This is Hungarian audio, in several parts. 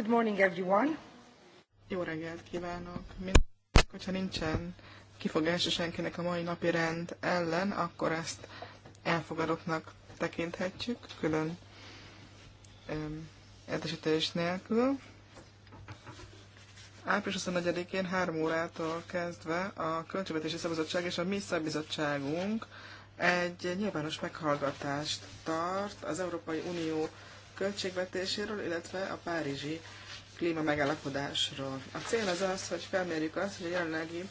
Good morning, everyone. Jó reggelt kívánok! Mindenkinek, hogyha nincsen kifogás senkinek a mai napi rend ellen, akkor ezt elfogadottnak tekinthetjük, külön értesítés nélkül. Április 24-én 3 órától kezdve a Költségvetési Szabadság és a mi szabizottságunk egy nyilvános meghallgatást tart az Európai Unió költségvetéséről, illetve a párizsi klíma megállapodásról. A cél az az, hogy felmérjük azt, hogy a jelenlegi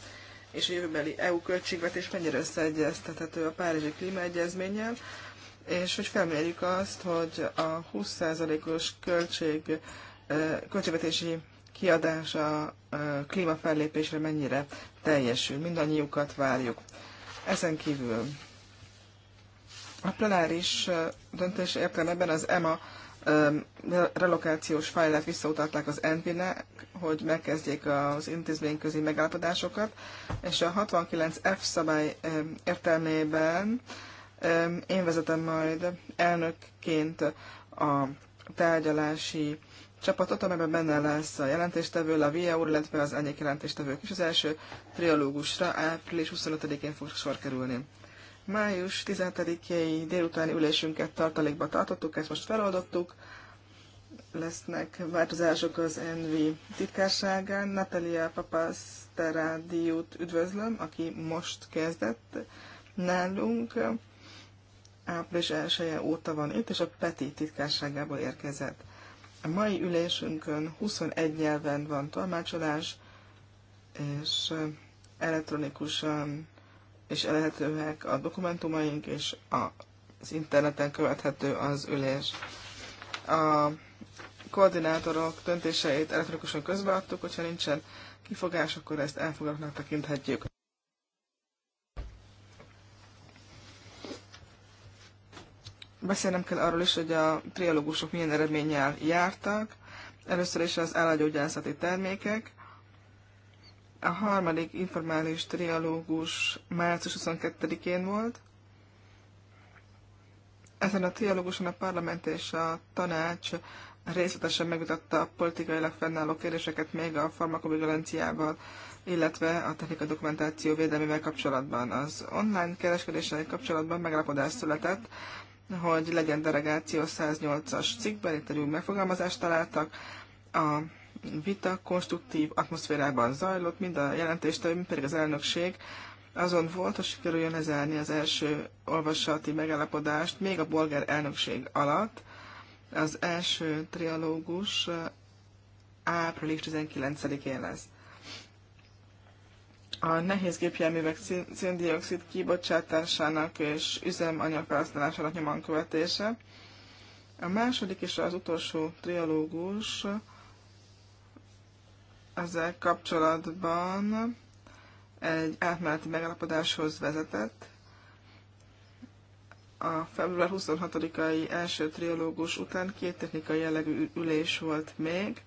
és a jövőbeli EU költségvetés mennyire összeegyeztethető a Párizsi Klímaegyezménnyel, és hogy felmérjük azt, hogy a 20%-os költség, költségvetési kiadás a klímafellépésre mennyire teljesül. Mindannyiukat várjuk. Ezen kívül a plenáris döntés értelemben az EMA relokációs fájlát visszautalták az NP-nek, hogy megkezdjék az intézményközi megállapodásokat, és a 69F szabály értelmében én vezetem majd elnökként a tárgyalási csapatot, amelyben benne lesz a jelentéstevő, a VIA úr, illetve az enyék jelentéstevők is. Az első triológusra április 25-én fog sor kerülni. Május 17-i délutáni ülésünket tartalékba tartottuk, ezt most feloldottuk. Lesznek változások az NV titkárságán. Natalia Papaszterádiót üdvözlöm, aki most kezdett nálunk. Április 1 -e óta van itt, és a Peti titkárságából érkezett. A mai ülésünkön 21 nyelven van tolmácsolás, és eh, elektronikusan és elérhetőek a dokumentumaink, és az interneten követhető az ülés. A koordinátorok döntéseit elektronikusan közbeadtuk, hogyha nincsen kifogás, akkor ezt elfogadnak tekinthetjük. Beszélnem kell arról is, hogy a trialógusok milyen eredménnyel jártak. Először is az állagyógyászati termékek. A harmadik informális trialógus március 22-én volt. Ezen a trialóguson a parlament és a tanács részletesen megvitatta a politikailag fennálló kérdéseket még a farmakovigilanciával, illetve a technika dokumentáció védelmével kapcsolatban. Az online kereskedéssel kapcsolatban megállapodás született, hogy legyen delegáció 108-as cikkben, itt megfogalmazást találtak. A vita konstruktív atmoszférában zajlott, mind a jelentést, mind pedig az elnökség azon volt, hogy sikerüljön lezárni az első olvasati megállapodást még a bolgár elnökség alatt. Az első trialógus eh, április 19-én lesz. A nehéz gépjárművek széndiokszid kibocsátásának és üzemanyag felhasználásának nyomon követése. A második és az utolsó trialógus ezzel kapcsolatban egy átmeneti megalapodáshoz vezetett. A február 26-ai első triológus után két technikai jellegű ülés volt még,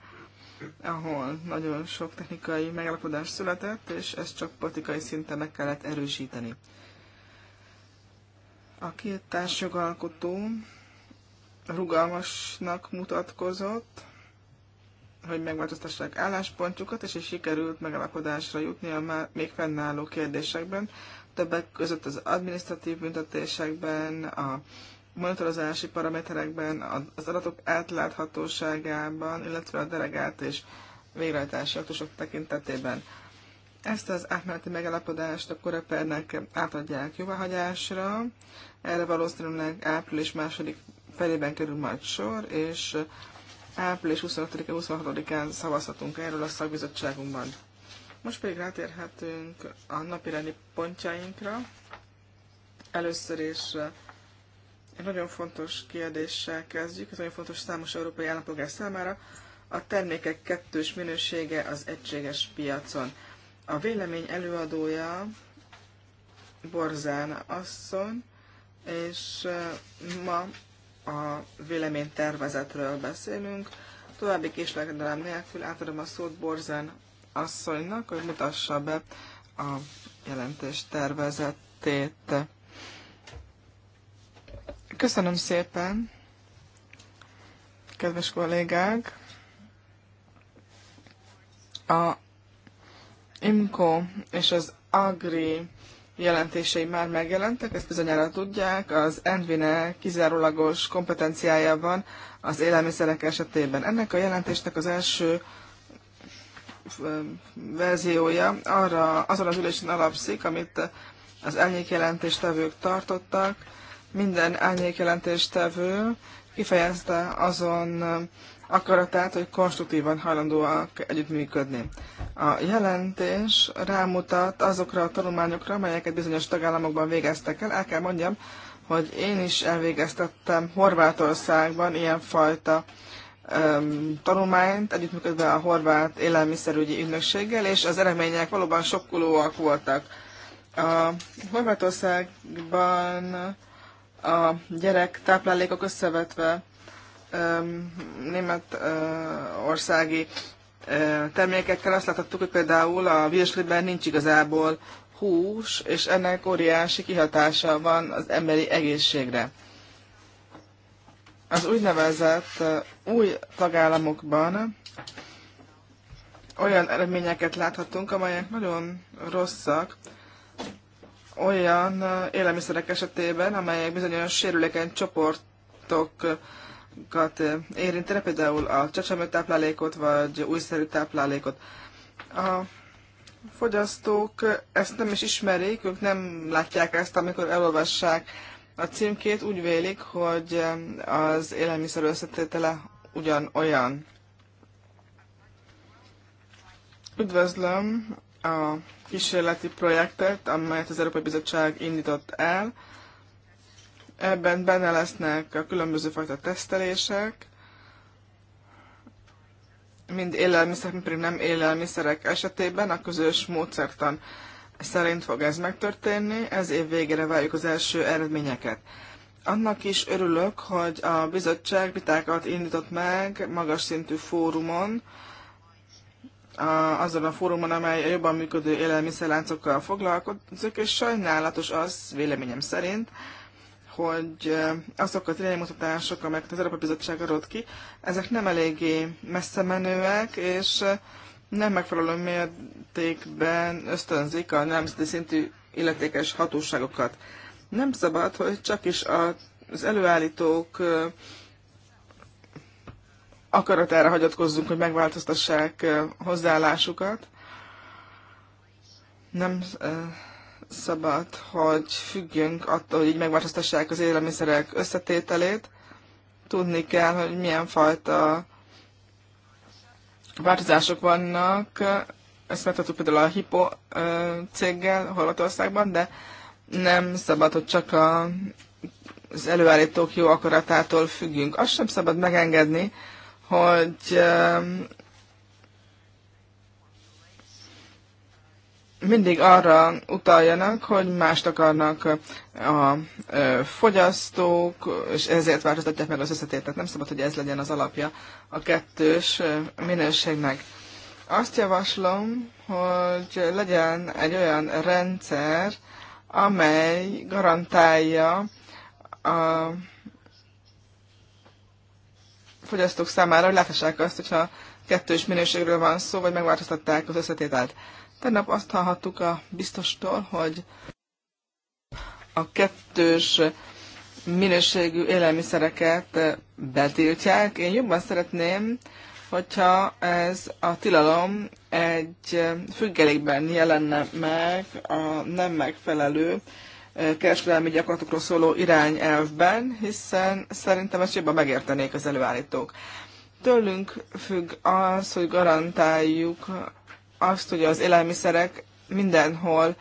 ahol nagyon sok technikai megalapodás született, és ezt csak politikai szinten meg kellett erősíteni. A két társjogalkotó rugalmasnak mutatkozott, hogy megváltoztassák álláspontjukat, és hogy sikerült megalakodásra jutni a már még fennálló kérdésekben, többek között az adminisztratív büntetésekben, a monitorozási paraméterekben, az adatok átláthatóságában, illetve a delegált és végrehajtási aktusok tekintetében. Ezt az átmeneti megalapodást a korepernek átadják jóváhagyásra, erre valószínűleg április második felében kerül majd sor, és április 25-26-án szavazhatunk erről a szakbizottságunkban. Most pedig rátérhetünk a napirendi pontjainkra. Először is eh, egy nagyon fontos kérdéssel kezdjük, ez nagyon fontos számos európai állampolgár számára, a termékek kettős minősége az egységes piacon. A vélemény előadója Borzán asszony, és eh, ma a véleménytervezetről beszélünk. További késlekedelem nélkül átadom a szót Borzen asszonynak, hogy mutassa be a jelentés tervezetét. Köszönöm szépen, kedves kollégák! A IMCO és az AGRI jelentései már megjelentek, ezt bizonyára tudják, az Envine kizárólagos kompetenciája van az élelmiszerek esetében. Ennek a jelentésnek az első verziója arra, azon az ülésen alapszik, amit az elnyékjelentéstevők tartottak. Minden elnyékjelentéstevő kifejezte azon akaratát, hogy konstruktívan hajlandóak együttműködni. A jelentés rámutat azokra a tanulmányokra, amelyeket bizonyos tagállamokban végeztek el. El kell mondjam, hogy én is elvégeztettem Horvátországban ilyenfajta fajta tanulmányt, együttműködve a horvát élelmiszerügyi ügynökséggel, és az eredmények valóban sokkolóak voltak. A Horvátországban a gyerek táplálékok összevetve németországi termékekkel azt láthattuk, hogy például a virsliben nincs igazából hús, és ennek óriási kihatása van az emberi egészségre. Az úgynevezett új tagállamokban olyan eredményeket láthatunk, amelyek nagyon rosszak, olyan élelmiszerek esetében, amelyek bizonyos sérülékeny csoportok táplálékokat érintene, például a csecsemő táplálékot, vagy újszerű táplálékot. A fogyasztók ezt nem is ismerik, ők nem látják ezt, amikor elolvassák a címkét, úgy vélik, hogy az élelmiszer összetétele ugyanolyan. Üdvözlöm a kísérleti projektet, amelyet az Európai Bizottság indított el, Ebben benne lesznek a különböző fajta tesztelések, mind élelmiszerek, mind pedig nem élelmiszerek esetében a közös módszertan szerint fog ez megtörténni, ez év végére várjuk az első eredményeket. Annak is örülök, hogy a bizottság vitákat indított meg magas szintű fórumon, a, azon a fórumon, amely a jobban működő élelmiszerláncokkal foglalkozik, és sajnálatos az, véleményem szerint, hogy eh, azok az iránymutatások, amelyek az Európai Bizottság adott ki, ezek nem eléggé messze menőek, és eh, nem megfelelő mértékben ösztönzik a nemzeti szintű illetékes hatóságokat. Nem szabad, hogy csak is az előállítók eh, akaratára hagyatkozzunk, hogy megváltoztassák hozzáállásukat. Nem szabad, hogy függjünk attól, hogy így megváltoztassák az élelmiszerek összetételét. Tudni kell, hogy milyen fajta változások vannak. Ezt megtettük például a Hippo céggel Horvatországban, de nem szabad, hogy csak a, az előállítók jó akaratától függjünk. Azt sem szabad megengedni, hogy mindig arra utaljanak, hogy mást akarnak a fogyasztók, és ezért változtatják meg az összetételt. Nem szabad, hogy ez legyen az alapja a kettős minőségnek. Azt javaslom, hogy legyen egy olyan rendszer, amely garantálja a fogyasztók számára, hogy láthassák azt, hogyha kettős minőségről van szó, vagy megváltoztatták az összetételt. Tegnap azt hallhattuk a biztostól, hogy a kettős minőségű élelmiszereket betiltják. Én jobban szeretném, hogyha ez a tilalom egy függelékben jelenne meg a nem megfelelő kereskedelmi gyakorlatokról szóló irányelvben, hiszen szerintem ezt jobban megértenék az előállítók. Tőlünk függ az, hogy garantáljuk azt, hogy az élelmiszerek mindenhol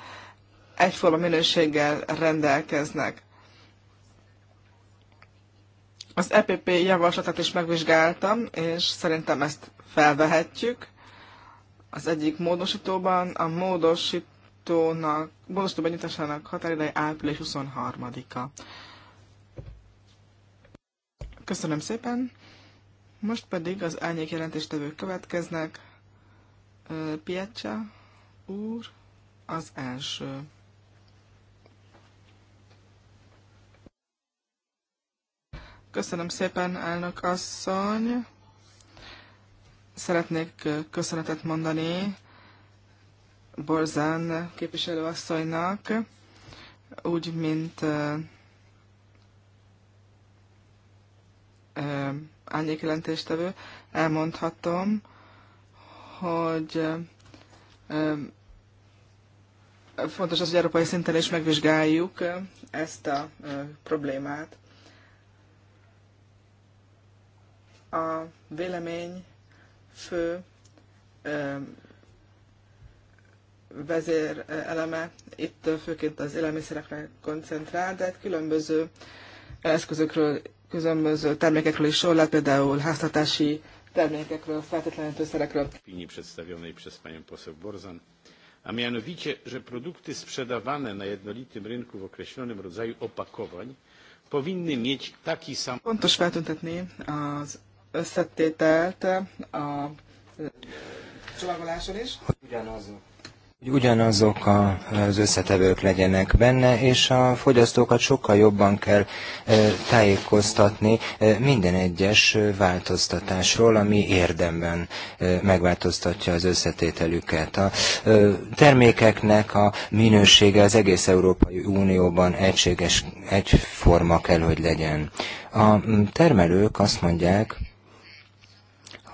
egyforma minőséggel rendelkeznek. Az EPP javaslatát is megvizsgáltam, és szerintem ezt felvehetjük. Az egyik módosítóban a módosítónak, módosító benyújtásának határideje április 23-a. Köszönöm szépen! Most pedig az elnyék jelentéstevők következnek. Piacsa úr az első. Köszönöm szépen, elnök asszony. Szeretnék köszönetet mondani Borzán képviselőasszonynak, úgy, mint jelentéstevő. elmondhatom, hogy fontos az, hogy európai szinten is megvizsgáljuk ezt a problémát. A vélemény fő vezér eleme itt főként az élelmiszerekre koncentrál, de hát különböző eszközökről, különböző termékekről is sor lehet, például háztartási termékekről, feltétlenül tőszerekről. Opinii przedstawionej przez panią poseł Borzan, a mianowicie, że produkty sprzedawane na jednolitym rynku w określonym rodzaju opakowań powinny mieć taki sam... Pontos feltüntetni az összetételt a csomagoláson is. Ugyanazok hogy ugyanazok az összetevők legyenek benne, és a fogyasztókat sokkal jobban kell tájékoztatni minden egyes változtatásról, ami érdemben megváltoztatja az összetételüket. A termékeknek a minősége az egész Európai Unióban egységes, egyforma kell, hogy legyen. A termelők azt mondják,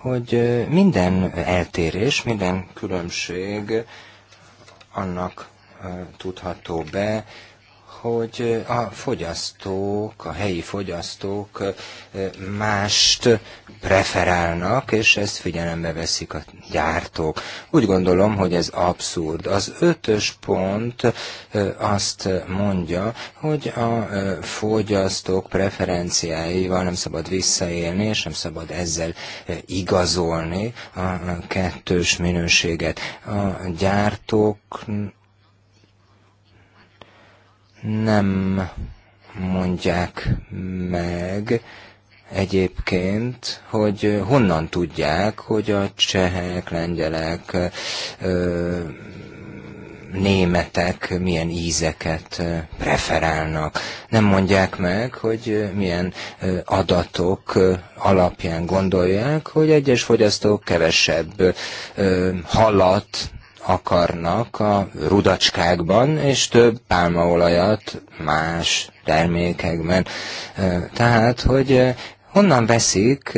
hogy minden eltérés, minden különbség annak tudható be, hogy a fogyasztók, a helyi fogyasztók mást preferálnak, és ezt figyelembe veszik a gyártók. Úgy gondolom, hogy ez abszurd. Az ötös pont azt mondja, hogy a fogyasztók preferenciáival nem szabad visszaélni, és nem szabad ezzel igazolni a kettős minőséget. A gyártók nem mondják meg egyébként, hogy honnan tudják, hogy a csehek, lengyelek, németek milyen ízeket preferálnak. Nem mondják meg, hogy milyen adatok alapján gondolják, hogy egyes fogyasztók kevesebb halat akarnak a rudacskákban, és több pálmaolajat más termékekben. Tehát, hogy honnan veszik,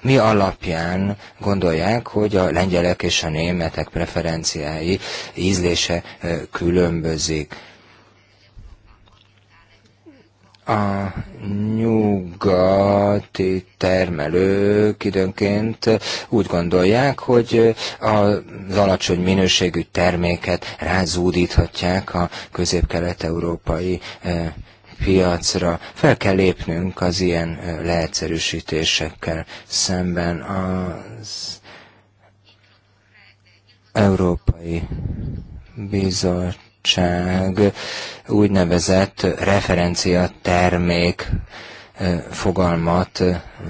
mi alapján gondolják, hogy a lengyelek és a németek preferenciái ízlése különbözik a nyugati termelők időnként úgy gondolják, hogy az alacsony minőségű terméket rázúdíthatják a közép-kelet-európai eh, piacra. Fel kell lépnünk az ilyen eh, leegyszerűsítésekkel szemben az Európai Bizottság bizottság úgynevezett referencia termék fogalmat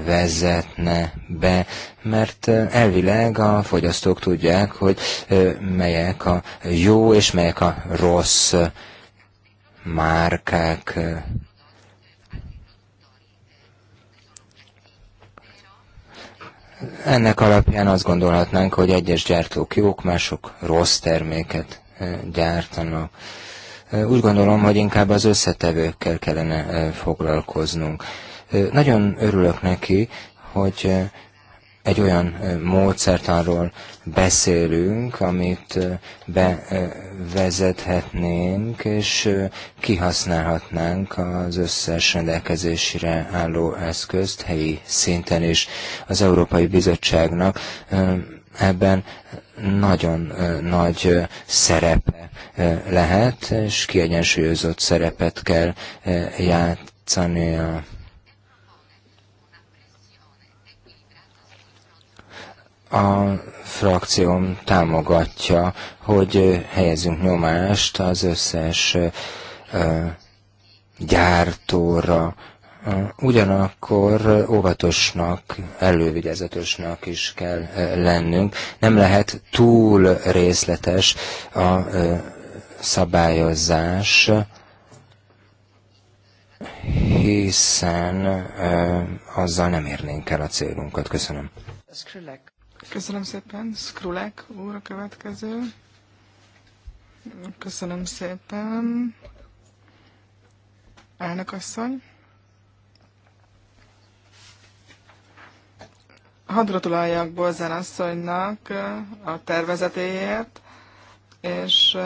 vezetne be, mert elvileg a fogyasztók tudják, hogy melyek a jó és melyek a rossz márkák. Ennek alapján azt gondolhatnánk, hogy egyes gyártók jók, mások rossz terméket gyártanak. Úgy gondolom, hogy inkább az összetevőkkel kellene foglalkoznunk. Nagyon örülök neki, hogy egy olyan módszertanról beszélünk, amit bevezethetnénk, és kihasználhatnánk az összes rendelkezésre álló eszközt helyi szinten is az Európai Bizottságnak. Ebben nagyon nagy szerepe lehet, és kiegyensúlyozott szerepet kell a a frakcióm támogatja, hogy helyezünk nyomást az összes gyártóra, Ugyanakkor óvatosnak, elővigyázatosnak is kell lennünk. Nem lehet túl részletes a szabályozás, hiszen azzal nem érnénk el a célunkat. Köszönöm. Köszönöm szépen. Skrulek úr a következő. Köszönöm szépen. Elnök asszony. Hadd gratuláljak Bolzán asszonynak a tervezetéért, és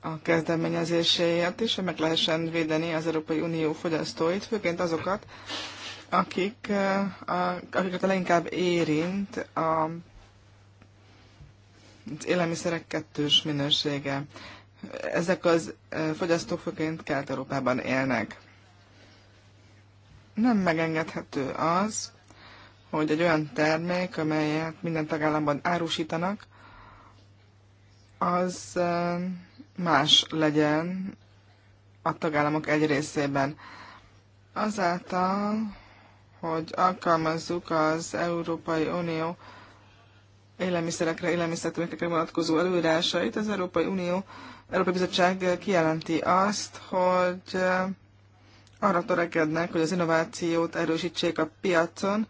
a kezdeményezéséért is, hogy meg lehessen védeni az Európai Unió fogyasztóit, főként azokat, akik, akiket a leginkább érint a, az élelmiszerek kettős minősége. Ezek az fogyasztók főként Kelet-Európában élnek. Nem megengedhető az, hogy egy olyan termék, amelyet minden tagállamban árusítanak, az más legyen a tagállamok egy részében. Azáltal, hogy alkalmazzuk az Európai Unió élelmiszerekre, élelmiszertermékekre vonatkozó előírásait, az Európai Unió, Európai Bizottság kijelenti azt, hogy arra törekednek, hogy az innovációt erősítsék a piacon,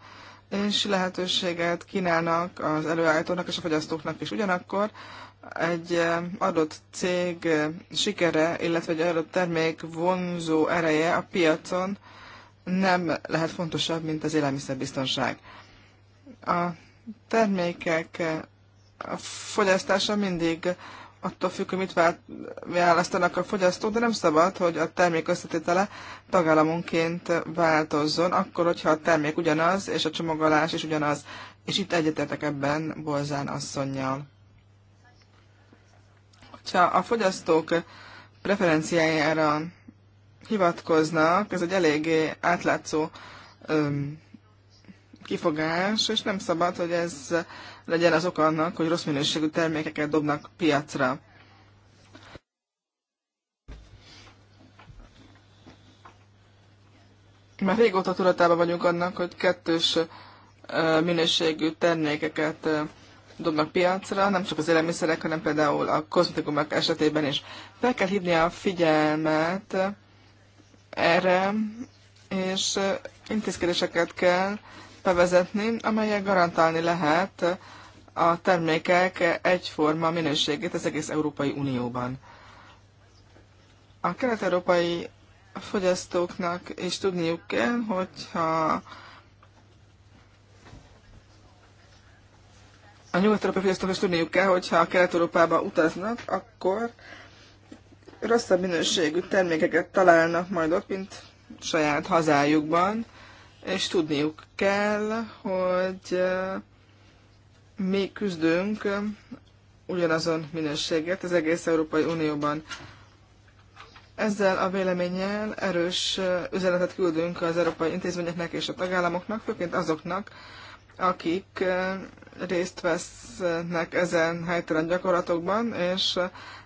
és lehetőséget kínálnak az előállítónak és a fogyasztóknak is. Ugyanakkor egy adott cég sikere, illetve egy adott termék vonzó ereje a piacon nem lehet fontosabb, mint az élelmiszerbiztonság. A termékek a fogyasztása mindig attól függ, hogy mit választanak a fogyasztók, de nem szabad, hogy a termék összetétele tagállamonként változzon, akkor, hogyha a termék ugyanaz, és a csomagolás is ugyanaz. És itt egyetértek ebben Bolzán asszonynal. Ha a fogyasztók preferenciájára hivatkoznak, ez egy eléggé átlátszó öm, kifogás, és nem szabad, hogy ez legyen az oka annak, hogy rossz minőségű termékeket dobnak piacra. Már régóta tudatában vagyunk annak, hogy kettős minőségű termékeket dobnak piacra, nem csak az élelmiszerek, hanem például a kozmetikumok esetében is. Fel kell hívni a figyelmet erre, és intézkedéseket kell bevezetni, amelyek garantálni lehet a termékek egyforma minőségét az egész Európai Unióban. A kelet-európai fogyasztóknak is tudniuk kell, hogyha a nyugat-európai fogyasztóknak is tudniuk kell, hogyha a kelet-európába utaznak, akkor rosszabb minőségű termékeket találnak majd ott, mint saját hazájukban és tudniuk kell, hogy mi küzdünk ugyanazon minőséget az egész Európai Unióban. Ezzel a véleménnyel erős üzenetet küldünk az európai intézményeknek és a tagállamoknak, főként azoknak, akik részt vesznek ezen helytelen gyakorlatokban, és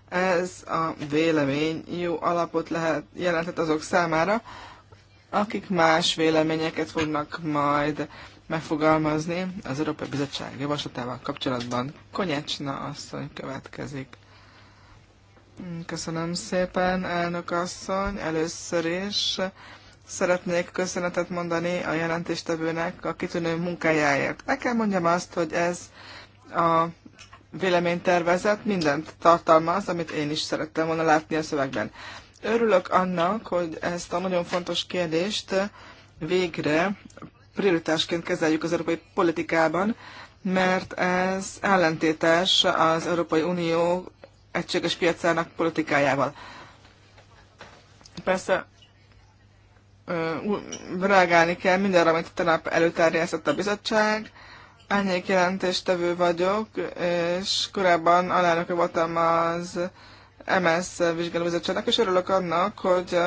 ez a vélemény jó alapot lehet jelentett azok számára, akik más véleményeket fognak majd megfogalmazni az Európai Bizottság javaslatával kapcsolatban. Konyecsna asszony következik. Köszönöm szépen, elnök asszony. Először is szeretnék köszönetet mondani a jelentéstevőnek a kitűnő munkájáért. Meg kell mondjam azt, hogy ez a véleménytervezet mindent tartalmaz, amit én is szerettem volna látni a szövegben. Örülök annak, hogy ezt a nagyon fontos kérdést végre prioritásként kezeljük az európai politikában, mert ez ellentétes az Európai Unió egységes piacának politikájával. Persze reagálni kell mindenre, amit tegnap előterjesztett a bizottság. Ennyi jelentéstevő vagyok, és korábban alelnöke voltam az MS vizsgálóbizottságnak, és örülök annak, hogy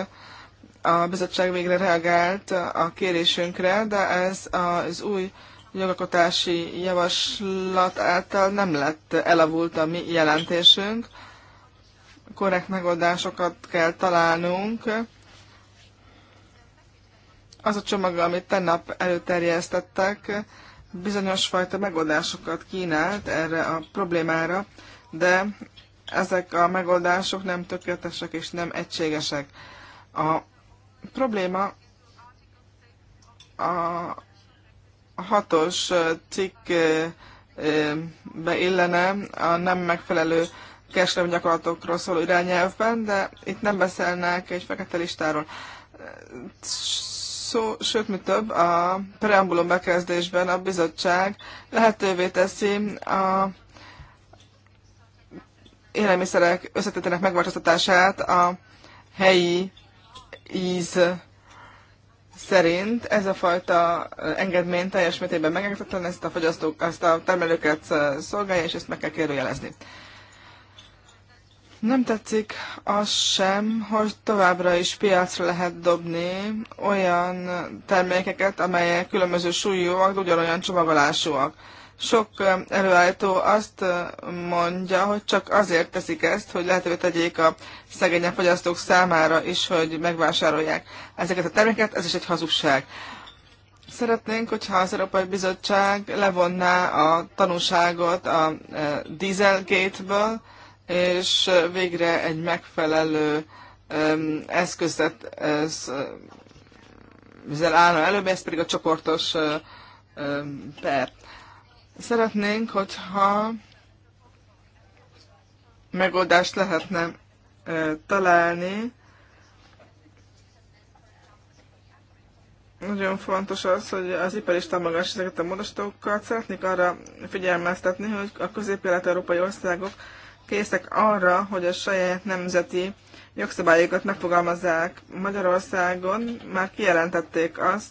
a bizottság végre reagált a kérésünkre, de ez az új jogalkotási javaslat által nem lett elavult a mi jelentésünk. Korrekt megoldásokat kell találnunk. Az a csomag, amit tennap előterjesztettek, bizonyos fajta megoldásokat kínált erre a problémára, de ezek a megoldások nem tökéletesek és nem egységesek. A probléma a hatos cikk beillene a nem megfelelő kereskedelmi gyakorlatokról szóló irányelvben, de itt nem beszélnek egy fekete listáról. Szó, sőt, mi több, a preambulum bekezdésben a bizottság lehetővé teszi a élelmiszerek összetetének megváltoztatását a helyi íz szerint ez a fajta engedmény teljes mértékben megengedhetetlen, ezt a fogyasztók, ezt a termelőket szolgálja, és ezt meg kell kérdőjelezni. Nem tetszik az sem, hogy továbbra is piacra lehet dobni olyan termékeket, amelyek különböző súlyúak, ugyanolyan csomagolásúak. Sok előállító azt mondja, hogy csak azért teszik ezt, hogy lehetővé tegyék a szegényebb fogyasztók számára is, hogy megvásárolják ezeket a terméket, ez is egy hazugság. Szeretnénk, hogyha az Európai Bizottság levonná a tanúságot a Dieselgate-ből, és végre egy megfelelő eszközet ezzel állna előbb, ez pedig a csoportos per. Szeretnénk, hogyha megoldást lehetne találni. Nagyon fontos az, hogy az ipar is támogassa ezeket a módosítókat. Szeretnék arra figyelmeztetni, hogy a közép európai országok készek arra, hogy a saját nemzeti jogszabályokat megfogalmazzák Magyarországon. Már kijelentették azt,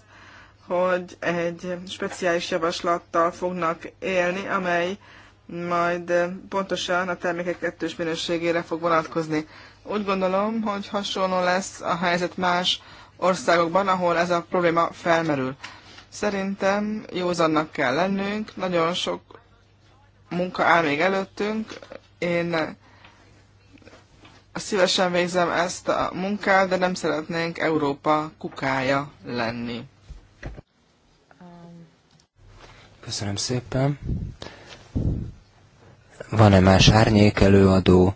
hogy egy speciális javaslattal fognak élni, amely majd pontosan a termékek kettős minőségére fog vonatkozni. Úgy gondolom, hogy hasonló lesz a helyzet más országokban, ahol ez a probléma felmerül. Szerintem józannak kell lennünk, nagyon sok munka áll még előttünk. Én szívesen végzem ezt a munkát, de nem szeretnénk Európa kukája lenni. Köszönöm szépen. Van-e más árnyék előadó?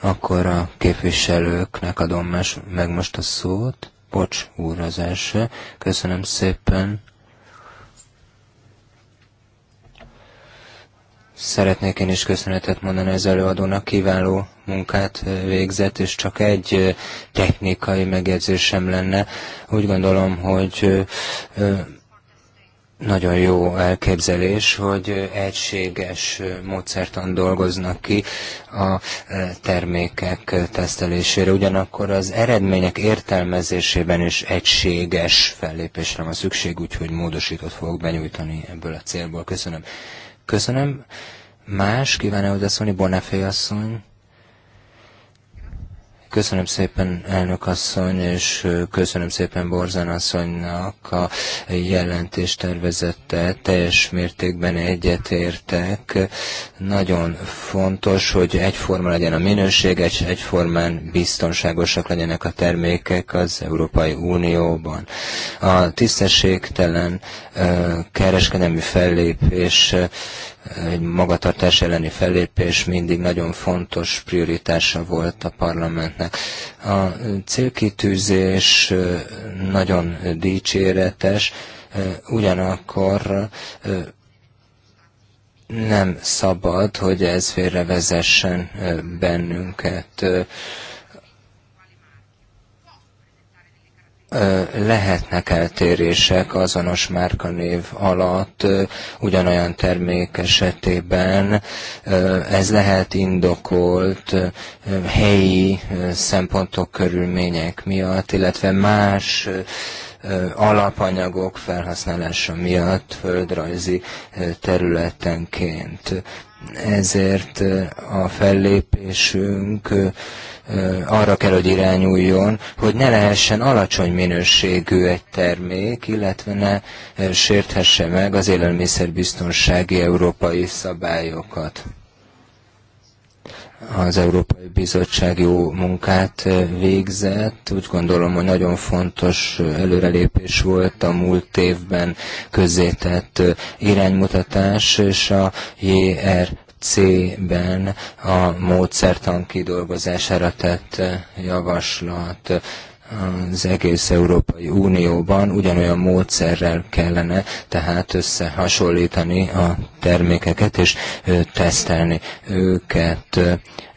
Akkor a képviselőknek adom más, meg most a szót. Bocs úr az első. Köszönöm szépen. Szeretnék én is köszönetet mondani az előadónak, kiváló munkát végzett, és csak egy technikai megjegyzésem lenne. Úgy gondolom, hogy nagyon jó elképzelés, hogy egységes módszertan dolgoznak ki a e, termékek tesztelésére. Ugyanakkor az eredmények értelmezésében is egységes fellépésre van szükség, úgyhogy módosított fogok benyújtani ebből a célból. Köszönöm. Köszönöm. Más kíván-e odaszólni? Bonafé asszony? Köszönöm szépen elnök asszony, és köszönöm szépen Borzán asszonynak a jelentés tervezette. Teljes mértékben egyetértek. Nagyon fontos, hogy egyforma legyen a minőség, egy, egyformán biztonságosak legyenek a termékek az Európai Unióban. A tisztességtelen kereskedelmi fellépés egy magatartás elleni fellépés mindig nagyon fontos prioritása volt a parlamentnek. A célkitűzés nagyon dicséretes, ugyanakkor nem szabad, hogy ez félrevezessen bennünket lehetnek eltérések azonos márkanév alatt ugyanolyan termék esetében. Ez lehet indokolt helyi szempontok, körülmények miatt, illetve más alapanyagok felhasználása miatt földrajzi területenként. Ezért a fellépésünk arra kell, hogy irányuljon, hogy ne lehessen alacsony minőségű egy termék, illetve ne sérthesse meg az élelmiszerbiztonsági európai szabályokat. Az Európai Bizottság jó munkát végzett. Úgy gondolom, hogy nagyon fontos előrelépés volt a múlt évben közzétett iránymutatás, és a JR C-ben a módszertan kidolgozására tett eh, javaslat az egész Európai Unióban ugyanolyan módszerrel kellene tehát összehasonlítani a termékeket és eh, tesztelni őket.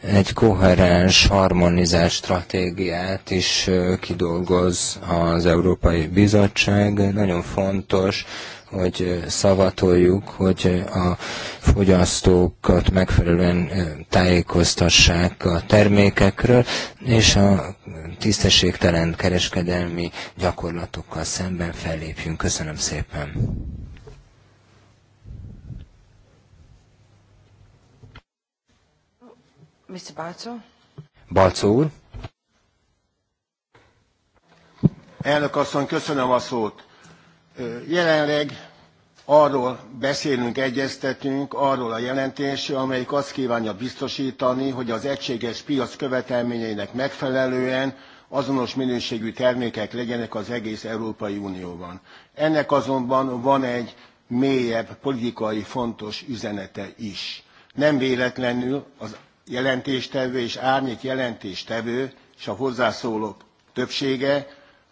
Egy koherens, harmonizált stratégiát is eh, kidolgoz az Európai Bizottság. Nagyon fontos, hogy szavatoljuk, hogy a fogyasztókat megfelelően tájékoztassák a termékekről, és a tisztességtelen kereskedelmi gyakorlatokkal szemben fellépjünk. Köszönöm szépen! Mr. Balco? Balco úr? Elnök asszony, köszönöm a szót Jelenleg arról beszélünk, egyeztetünk, arról a jelentésről, amelyik azt kvánja biztosítani, hogy az egységes piac követelményeinek megfelelően azonos minőségű termékek legyenek az egész Európai Unióban. Ennek azonban van egy mélyebb politikai fontos üzenete is. Nem véletlenül az jelentéstevő és árnyék jelentéstevő és a hozzászólók többsége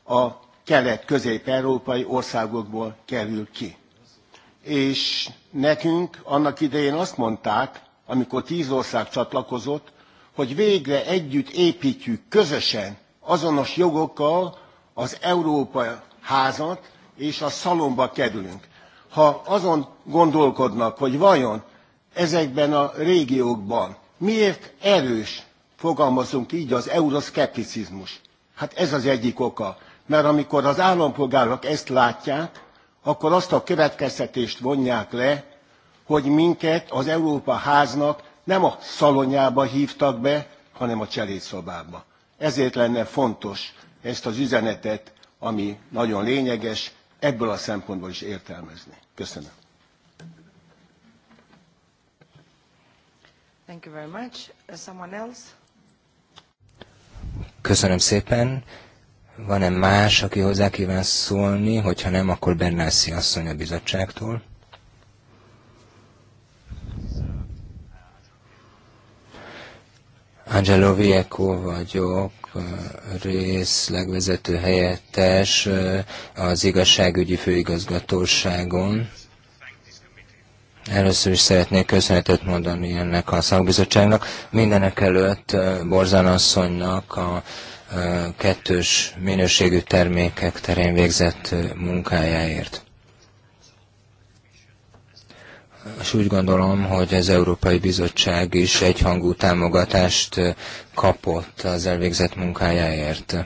a kelet-közép-európai országokból kerül ki. És nekünk annak idején azt mondták, amikor tíz ország csatlakozott, hogy végre együtt építjük közösen, azonos jogokkal az Európa házat, és a szalomba kerülünk. Ha azon gondolkodnak, hogy vajon ezekben a régiókban miért erős, fogalmazunk így, az euroszkepticizmus? Hát ez az egyik oka mert amikor az állampolgárok ezt látják, akkor azt a következtetést vonják le, hogy minket az Európa háznak nem a szalonyába hívtak be, hanem a cselédszobába. Ezért lenne fontos ezt az üzenetet, ami nagyon lényeges, ebből a szempontból is értelmezni. Köszönöm. Thank you very much. Uh, someone else? Köszönöm szépen. Van-e más, aki hozzá kíván szólni? Hogyha nem, akkor Bernászi asszony a bizottságtól. Angelo Vieco vagyok, részlegvezető helyettes az igazságügyi főigazgatóságon. Először is szeretnék köszönetet mondani ennek a szakbizottságnak. Mindenek előtt Borzán asszonynak a kettős minőségű termékek terén végzett munkájáért. És úgy gondolom, hogy az Európai Bizottság is egyhangú támogatást kapott az elvégzett munkájáért.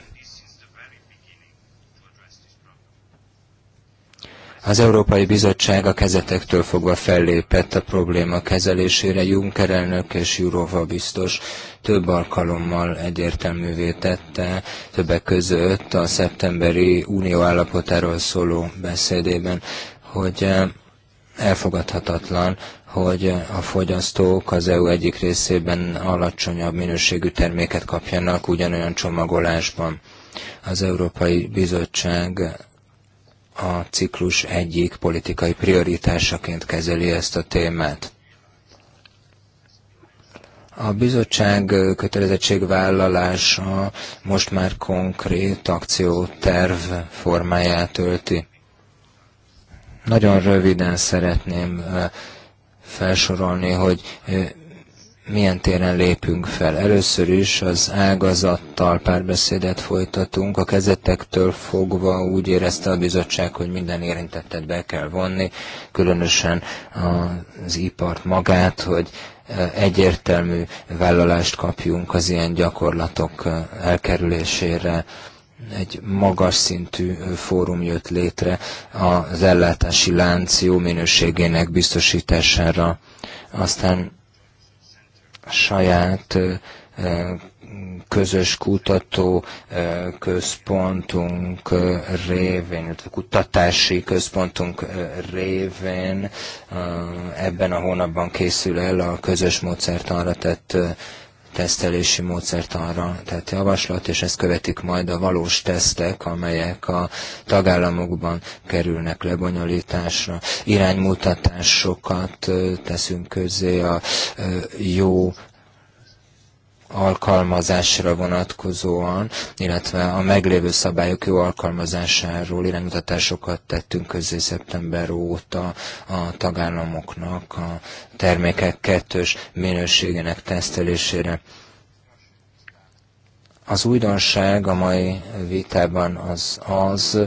Az Európai Bizottság a kezetektől fogva fellépett a probléma kezelésére, Juncker elnök és Jurova biztos több alkalommal egyértelművé tette, többek között a szeptemberi unió állapotáról szóló beszédében, hogy eh, elfogadhatatlan, hogy a fogyasztók az EU egyik részében alacsonyabb minőségű terméket kapjanak ugyanolyan csomagolásban. Az Európai Bizottság a ciklus egyik politikai prioritásaként kezeli ezt a témát. A bizottság kötelezettségvállalása most már konkrét akcióterv formáját ölti. Nagyon röviden szeretném eh, felsorolni, hogy eh, milyen téren lépünk fel. Először is az ágazattal párbeszédet folytatunk. A kezetektől fogva úgy érezte a bizottság, hogy minden érintettet be kell vonni, különösen az ipart magát, hogy e, egyértelmű vállalást kapjunk az ilyen gyakorlatok e, elkerülésére egy magas szintű e, fórum jött létre az ellátási lánc jó minőségének biztosítására. Aztán saját közös kutató központunk révén, illetve kutatási központunk révén ebben a hónapban készül el a közös módszertanra tett tesztelési arra, tehát javaslat, és ezt követik majd a valós tesztek, amelyek a tagállamokban kerülnek lebonyolításra. Iránymutatásokat teszünk közé a jó alkalmazásra vonatkozóan, illetve a meglévő szabályok jó alkalmazásáról iránymutatásokat tettünk közé szeptember óta a tagállamoknak a termékek kettős minőségének tesztelésére. Az újdonság a mai vitában az az,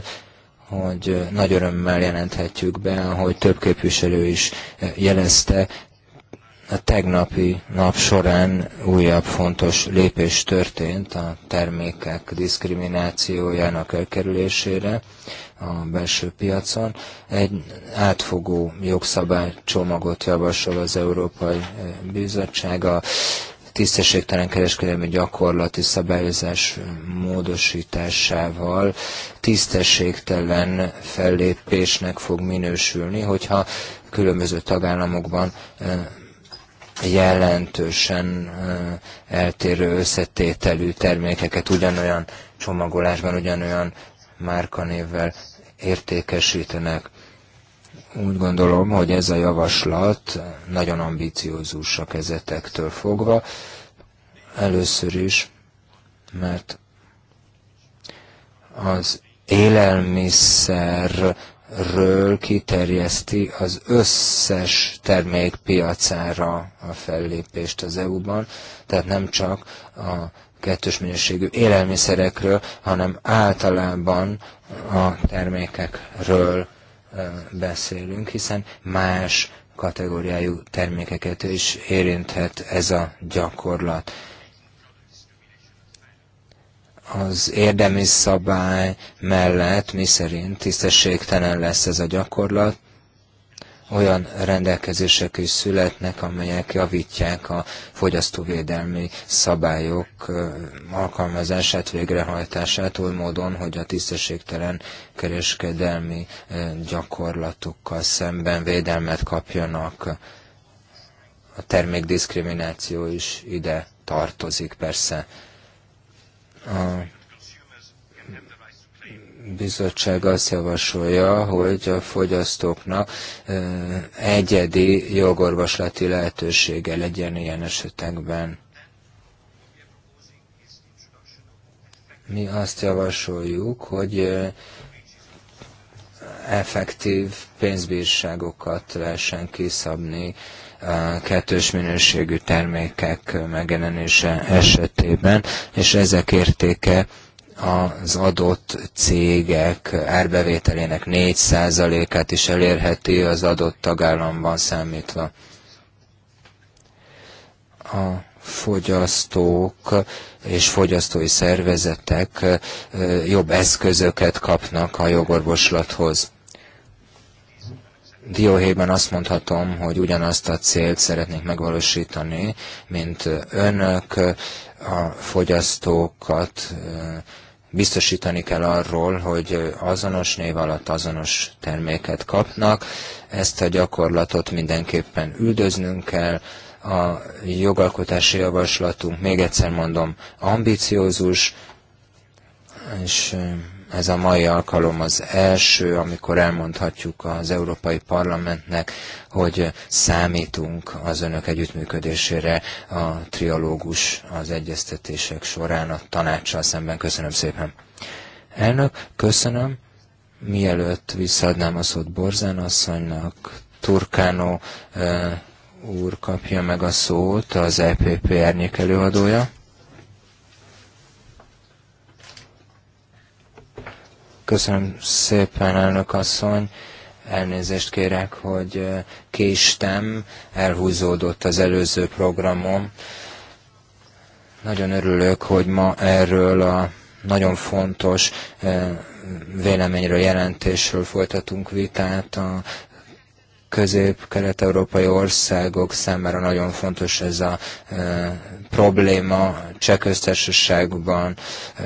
hogy nagy örömmel jelenthetjük be, ahogy több képviselő is jelezte, a tegnapi nap során újabb fontos lépés történt a termékek diszkriminációjának elkerülésére a belső piacon. Egy átfogó jogszabálycsomagot javasol az Európai Bizottság a tisztességtelen kereskedelmi gyakorlati szabályozás módosításával tisztességtelen fellépésnek fog minősülni, hogyha különböző tagállamokban eh, jelentősen eh, eltérő összetételű termékeket ugyanolyan csomagolásban, ugyanolyan márkanévvel értékesítenek. Úgy gondolom, hogy ez a javaslat nagyon ambiciózus a kezetektől fogva. Először is, mert az élelmiszer ről kiterjeszti az összes termék piacára a fellépést az EU-ban, tehát nem csak a kettős minőségű élelmiszerekről, hanem általában a termékekről beszélünk, hiszen más kategóriájú termékeket is érinthet ez a gyakorlat az érdemi szabály mellett, mi szerint tisztességtelen lesz ez a gyakorlat, olyan rendelkezések is születnek, amelyek javítják a fogyasztóvédelmi szabályok alkalmazását, végrehajtását oly módon, hogy a tisztességtelen kereskedelmi gyakorlatokkal szemben védelmet kapjanak. A termékdiszkrimináció is ide tartozik persze. A bizottság azt javasolja, hogy a fogyasztóknak egyedi jogorvoslati lehetősége legyen ilyen esetekben. Mi azt javasoljuk, hogy effektív pénzbírságokat lehessen kiszabni kettős minőségű termékek megjelenése esetében, és ezek értéke az adott cégek árbevételének 4%-át is elérheti az adott tagállamban számítva. A fogyasztók és fogyasztói szervezetek jobb eszközöket kapnak a jogorvoslathoz dióhéjban azt mondhatom, hogy ugyanazt a célt szeretnék megvalósítani, mint önök, a fogyasztókat eh, biztosítani kell arról, hogy azonos név alatt azonos terméket kapnak. Ezt a gyakorlatot mindenképpen üldöznünk kell. A jogalkotási javaslatunk, még egyszer mondom, ambiciózus, és eh, ez a mai alkalom az első, amikor elmondhatjuk az Európai Parlamentnek, hogy számítunk az önök együttműködésére a triológus az egyeztetések során a tanácssal szemben. Köszönöm szépen. Elnök, köszönöm. Mielőtt visszaadnám a szót Borzán asszonynak, Turkánó eh, úr kapja meg a szót, az EPP árnyék előadója. Köszönöm szépen, elnök asszony. Elnézést kérek, hogy késtem, elhúzódott az előző programom. Nagyon örülök, hogy ma erről a nagyon fontos véleményről, jelentésről folytatunk vitát a közép-kelet-európai országok számára nagyon fontos ez a e, probléma köztársaságban,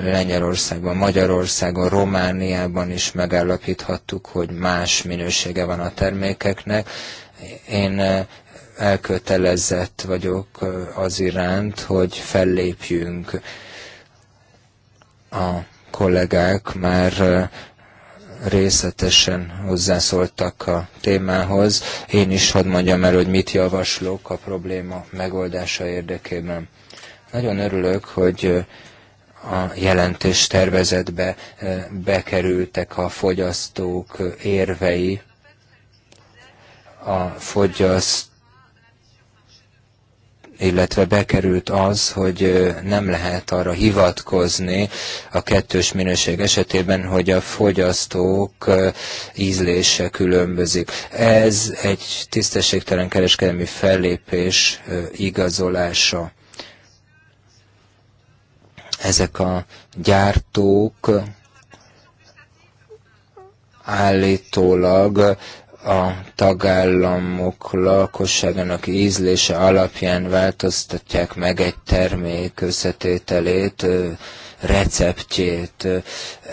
Lengyelországban, Magyarországon, Romániában is megállapíthattuk, hogy más minősége van a termékeknek. Én e, elkötelezett vagyok az iránt, hogy fellépjünk a kollégák már részletesen hozzászóltak a témához. Én is hadd mondjam el, hogy mit javaslok a probléma megoldása érdekében. Nagyon örülök, hogy a jelentés tervezetbe bekerültek a fogyasztók érvei, a fogyaszt illetve bekerült az, hogy nem lehet arra hivatkozni a kettős minőség esetében, hogy a fogyasztók ízlése különbözik. Ez egy tisztességtelen kereskedelmi fellépés igazolása. Ezek a gyártók állítólag a tagállamok lakosságának ízlése alapján változtatják meg egy termék összetételét, receptjét.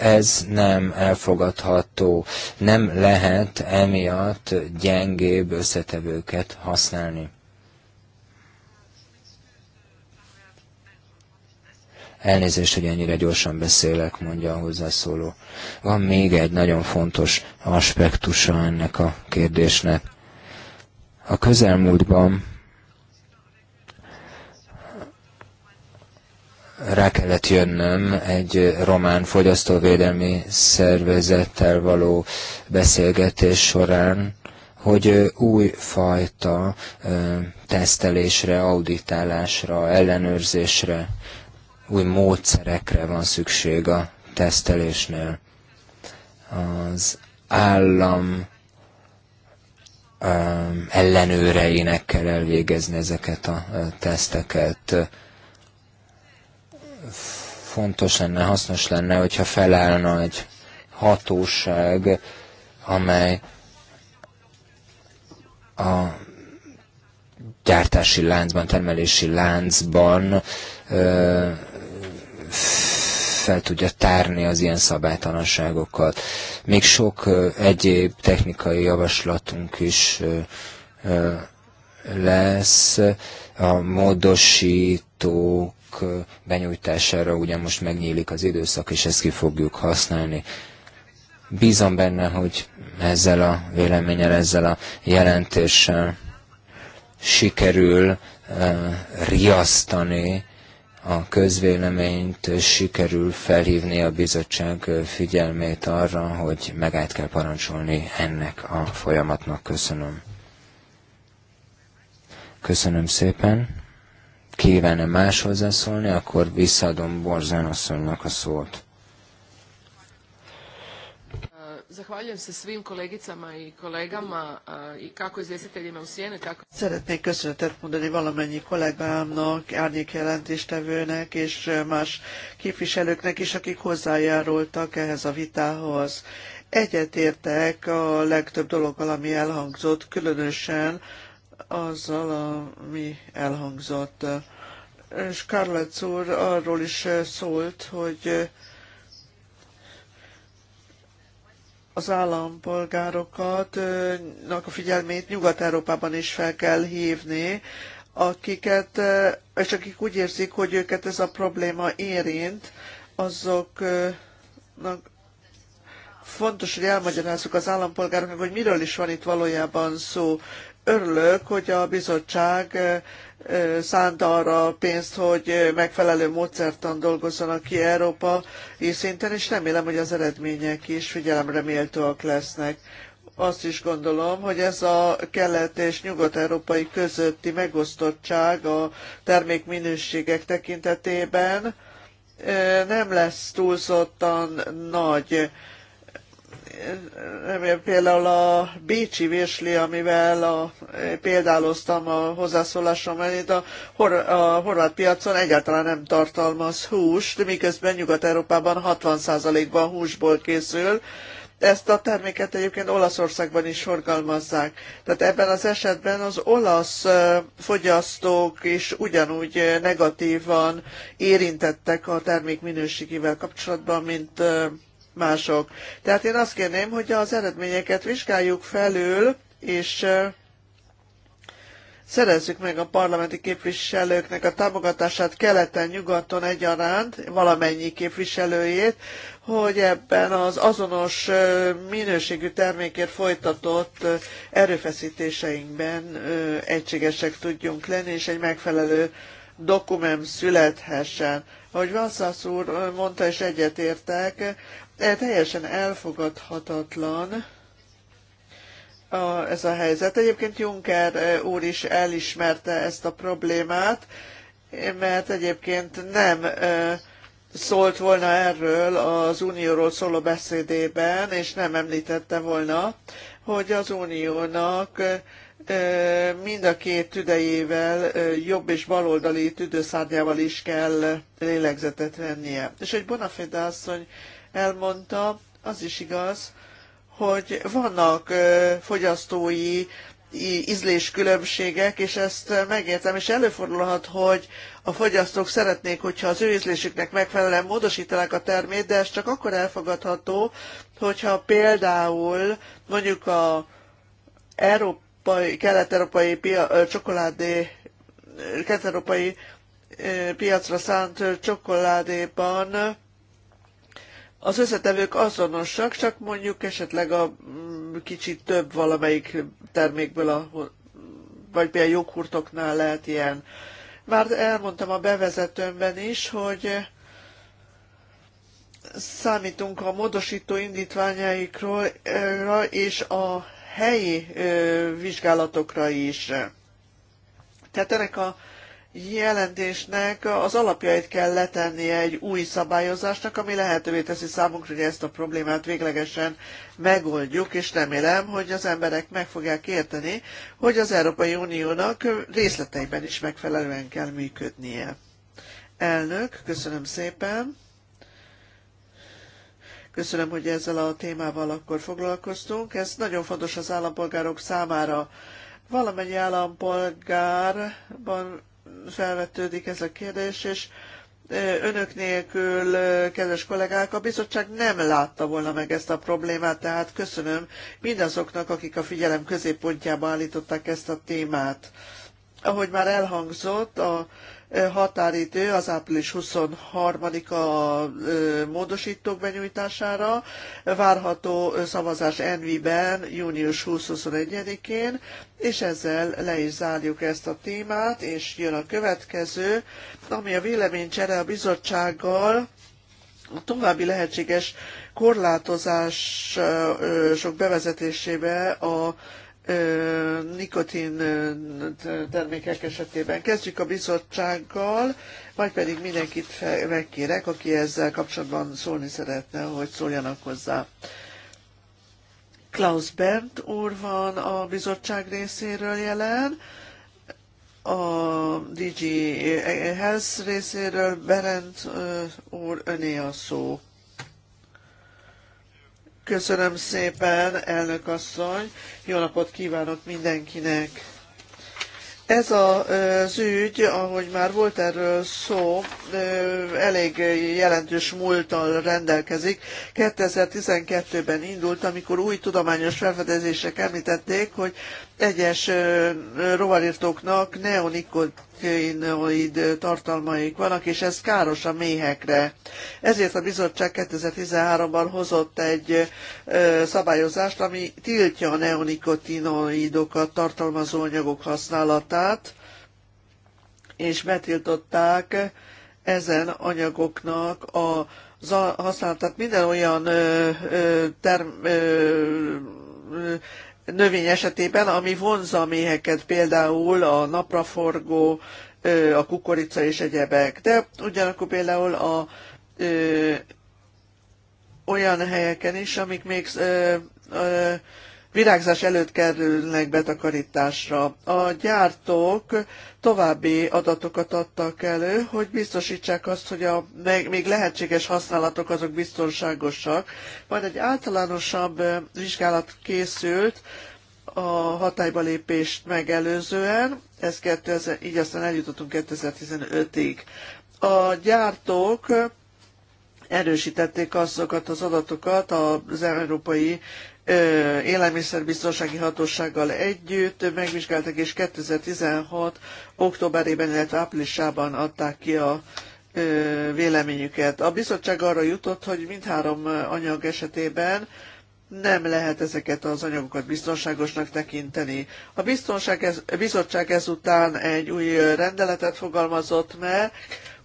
Ez nem elfogadható. Nem lehet emiatt gyengébb összetevőket használni. Elnézést, hogy ennyire gyorsan beszélek, mondja a hozzászóló. Van még egy nagyon fontos aspektusa ennek a kérdésnek. A közelmúltban rá kellett jönnöm egy román fogyasztóvédelmi szervezettel való beszélgetés során, hogy újfajta tesztelésre, auditálásra, ellenőrzésre új módszerekre van szükség a tesztelésnél. Az állam um, ellenőreinek kell elvégezni ezeket a uh, teszteket. Fontos lenne, hasznos lenne, hogyha felállna egy hatóság, amely a gyártási láncban, termelési láncban uh, fel tudja tárni az ilyen szabálytalanságokat. Még sok egyéb technikai javaslatunk is lesz. A módosítók benyújtására ugye most megnyílik az időszak, és ezt ki fogjuk használni. Bízom benne, hogy ezzel a véleményel, ezzel a jelentéssel sikerül riasztani a közvéleményt sikerül felhívni a bizottság figyelmét arra, hogy megállt kell parancsolni ennek a folyamatnak. Köszönöm. Köszönöm szépen. Kívánom máshoz szólni, akkor visszaadom Borzán asszonynak a szót. Zahvaljujem se svim kolegicama i kolegama i kako izvjestiteljima u sjeni, tako... Szeretnék köszönetet mondani valamennyi kollégámnak, árnyék jelentéstevőnek és más képviselőknek is, akik hozzájárultak ehhez a vitához. Egyetértek a legtöbb dologgal, ami elhangzott, különösen azzal, ami elhangzott. Scarlett úr arról is szólt, hogy az állampolgárokat, a figyelmét Nyugat-Európában is fel kell hívni, akiket, és akik úgy érzik, hogy őket ez a probléma érint, azoknak fontos, hogy elmagyarázzuk az állampolgároknak, hogy miről is van itt valójában szó. Örülök, hogy a bizottság szánt arra a pénzt, hogy megfelelő módszertan dolgozzanak ki Európa és szinten, és remélem, hogy az eredmények is figyelemre méltóak lesznek. Azt is gondolom, hogy ez a kelet és nyugat-európai közötti megosztottság a termékminőségek tekintetében nem lesz túlzottan nagy remélem például a bécsi Vésli, amivel a, példáloztam a hozzászólásom elét, a, hor, a horvát piacon egyáltalán nem tartalmaz húst, miközben Nyugat-Európában 60%-ban húsból készül, ezt a terméket egyébként Olaszországban is forgalmazzák. Tehát ebben az esetben az olasz fogyasztók is ugyanúgy negatívan érintettek a termék minőségével kapcsolatban, mint mások. Tehát én azt kérném, hogy az eredményeket vizsgáljuk felül, és szerezzük meg a parlamenti képviselőknek a támogatását keleten, nyugaton egyaránt, valamennyi képviselőjét, hogy ebben az azonos minőségű termékért folytatott erőfeszítéseinkben egységesek tudjunk lenni, és egy megfelelő dokumentum születhessen. Ahogy Vassasz úr mondta, és egyetértek, E, teljesen elfogadhatatlan a, ez a helyzet. Egyébként Juncker e, úr is elismerte ezt a problémát, mert egyébként nem e, szólt volna erről az unióról szóló beszédében, és nem említette volna, hogy az uniónak mind a két tüdejével, jobb és baloldali tüdőszárnyával is kell lélegzetet vennie. És egy Bonafide asszony elmondta, az is igaz, hogy vannak fogyasztói ízléskülönbségek, és ezt megértem, és előfordulhat, hogy a fogyasztók szeretnék, hogyha az ő ízlésüknek megfelelően módosítanák a termét, de ez csak akkor elfogadható, hogyha például mondjuk a európai, kelet-európai csokoládé, kelet-európai piacra szánt csokoládéban az összetevők azonosak, csak mondjuk esetleg a mm, kicsit több valamelyik termékből, a, vagy például joghurtoknál lehet ilyen. Már elmondtam a bevezetőmben is, hogy számítunk a módosító indítványaikról és a helyi vizsgálatokra is. Tehát ennek a jelentésnek az alapjait kell letennie egy új szabályozásnak, ami lehetővé teszi számunkra, hogy ezt a problémát véglegesen megoldjuk, és remélem, hogy az emberek meg fogják érteni, hogy az Európai Uniónak részleteiben is megfelelően kell működnie. Elnök, köszönöm szépen. Köszönöm, hogy ezzel a témával akkor foglalkoztunk. Ez nagyon fontos az állampolgárok számára. Valamennyi állampolgárban felvetődik ez a kérdés, és önök nélkül, kedves kollégák, a bizottság nem látta volna meg ezt a problémát, tehát köszönöm mindazoknak, akik a figyelem középpontjába állították ezt a témát. Ahogy már elhangzott, a határidő az április 23-a a módosítók benyújtására, várható szavazás Envi-ben június 20-21-én, és ezzel le is zárjuk ezt a témát, és jön a következő, ami a véleménycsere a bizottsággal, a további lehetséges korlátozások bevezetésébe a nikotin termékek esetében. Kezdjük a bizottsággal, majd pedig mindenkit megkérek, aki ezzel kapcsolatban szólni szeretne, hogy szóljanak hozzá. Klaus Bernd úr van a bizottság részéről jelen, a DG Health részéről Berend úr öné a szó. Köszönöm szépen, elnök asszony. Jó napot kívánok mindenkinek. Ez az ügy, ahogy már volt erről szó, elég jelentős múlttal rendelkezik. 2012-ben indult, amikor új tudományos felfedezések említették, hogy egyes rovarírtóknak neonikot neonikotinoid tartalmaik vannak, és ez káros a méhekre. Ezért a bizottság 2013-ban hozott egy szabályozást, ami tiltja a neonikotinoidokat tartalmazó anyagok használatát, és betiltották ezen anyagoknak a használatát minden olyan term, növény esetében, ami vonzza a méheket, például a napraforgó, a kukorica és egyebek. De ugyanakkor például a ö, olyan helyeken is, amik még ö, ö, virágzás előtt kerülnek betakarításra. A gyártók további adatokat adtak elő, hogy biztosítsák azt, hogy a még lehetséges használatok azok biztonságosak. Majd egy általánosabb vizsgálat készült, a hatályba lépést megelőzően, ez 2000, így aztán eljutottunk 2015-ig. A gyártók erősítették azokat az adatokat az európai élelmiszerbiztonsági hatósággal együtt megvizsgáltak, és 2016. októberében, illetve áprilisában adták ki a véleményüket. A bizottság arra jutott, hogy mindhárom anyag esetében nem lehet ezeket az anyagokat biztonságosnak tekinteni. A biztonság ez, bizottság ezután egy új rendeletet fogalmazott meg,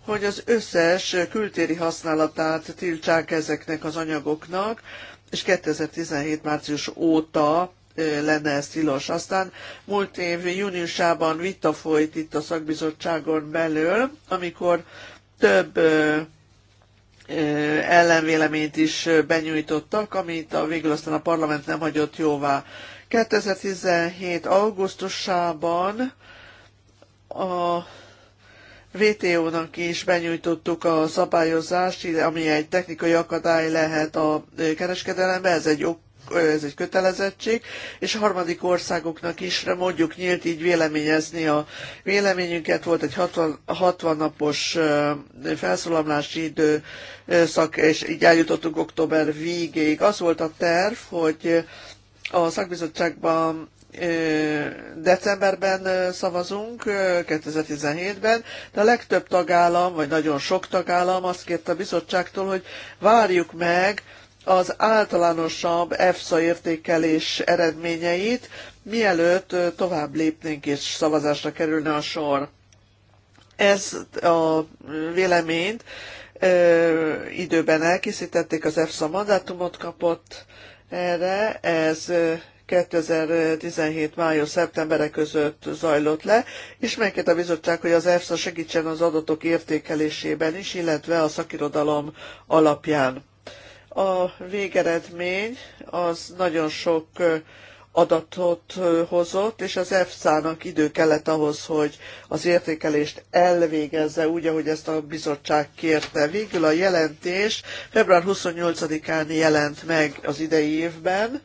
hogy az összes kültéri használatát tiltsák ezeknek az anyagoknak, és 2017 március óta lenne ez tilos. Aztán múlt év júniusában vita folyt itt a szakbizottságon belül, amikor több ellenvéleményt is benyújtottak, amit a végül aztán a parlament nem hagyott jóvá. 2017. augusztusában a VTO-nak is benyújtottuk a szabályozást, ami egy technikai akadály lehet a kereskedelembe, ez egy ok ez egy kötelezettség, és a harmadik országoknak is mondjuk nyílt így véleményezni a véleményünket. Volt egy 60, 60 napos felszólalási időszak, és így eljutottunk október végéig. Az volt a terv, hogy a szakbizottságban decemberben szavazunk, 2017-ben, de a legtöbb tagállam, vagy nagyon sok tagállam azt kérte a bizottságtól, hogy várjuk meg az általánosabb EFSA értékelés eredményeit, mielőtt tovább lépnénk és szavazásra kerülne a sor. Ez a véleményt ö, időben elkészítették, az EFSA mandátumot kapott erre, ez 2017 május-szeptembere között zajlott le, és a bizottság, hogy az EFSA segítsen az adatok értékelésében is, illetve a szakirodalom alapján. A végeredmény az nagyon sok adatot hozott, és az EFSA-nak idő kellett ahhoz, hogy az értékelést elvégezze, úgy, ahogy ezt a bizottság kérte. Végül a jelentés február 28-án jelent meg az idei évben,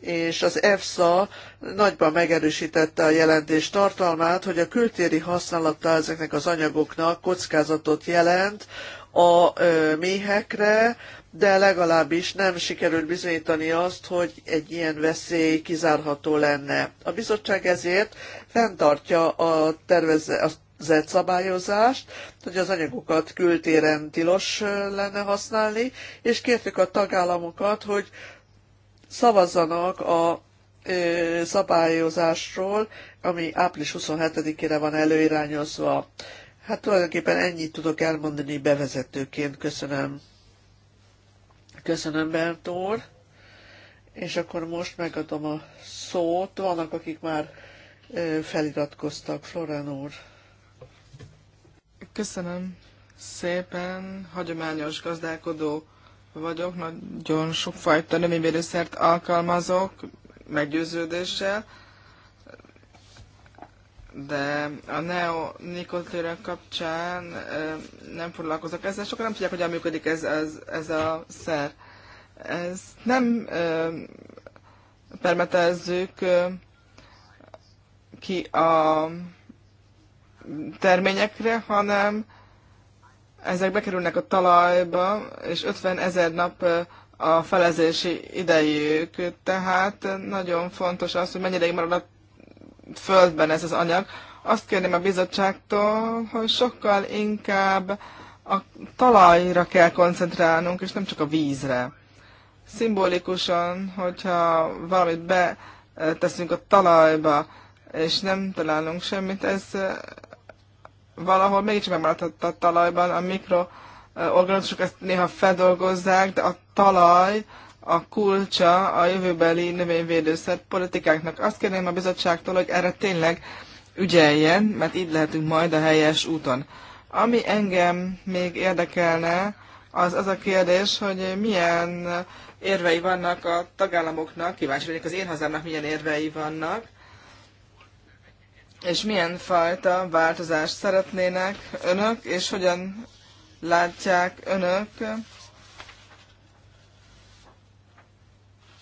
és az EFSA nagyban megerősítette a jelentés tartalmát, hogy a kültéri használata ezeknek az anyagoknak kockázatot jelent a méhekre, de legalábbis nem sikerült bizonyítani azt, hogy egy ilyen veszély kizárható lenne. A bizottság ezért fenntartja a tervezett szabályozást, hogy az anyagokat kültéren tilos lenne használni, és kértük a tagállamokat, hogy szavazzanak a ö, szabályozásról, ami április 27-ére van előirányozva. Hát tulajdonképpen ennyit tudok elmondani bevezetőként. Köszönöm. Köszönöm, Bertór. És akkor most megadom a szót. Vannak, akik már feliratkoztak. Florán úr. Köszönöm szépen. Hagyományos gazdálkodó vagyok, nagyon sokfajta növényvédőszert alkalmazok, meggyőződéssel, de a neonikotéra kapcsán nem foglalkozok ezzel, sokan nem tudják, hogyan működik ez, ez, ez a szer. Ez nem permetezzük ki a terményekre, hanem ezek bekerülnek a talajba, és 50 ezer nap a felezési idejük. Tehát nagyon fontos az, hogy mennyire marad a földben ez az anyag. Azt kérném a bizottságtól, hogy sokkal inkább a talajra kell koncentrálnunk, és nem csak a vízre. Szimbolikusan, hogyha valamit beteszünk a talajba, és nem találunk semmit, ez valahol mégis megmaradt a talajban, a mikroorganizmusok ezt néha feldolgozzák, de a talaj a kulcsa a jövőbeli növényvédőszer politikáknak. Azt kérném a bizottságtól, hogy erre tényleg ügyeljen, mert így lehetünk majd a helyes úton. Ami engem még érdekelne, az az a kérdés, hogy milyen érvei vannak a tagállamoknak, kíváncsi vagyok az én hazámnak milyen érvei vannak, és milyen fajta változást szeretnének önök, és hogyan látják önök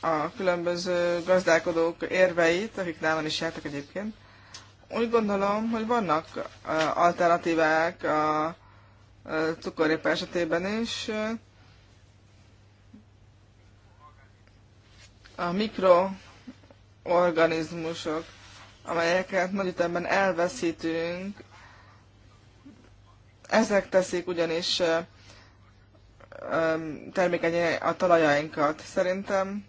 a különböző gazdálkodók érveit, akik nálam is jártak egyébként. Úgy gondolom, hogy vannak alternatívák a cukorép esetében is. A mikroorganizmusok amelyeket nagy ütemben elveszítünk, ezek teszik ugyanis termékeny a talajainkat. Szerintem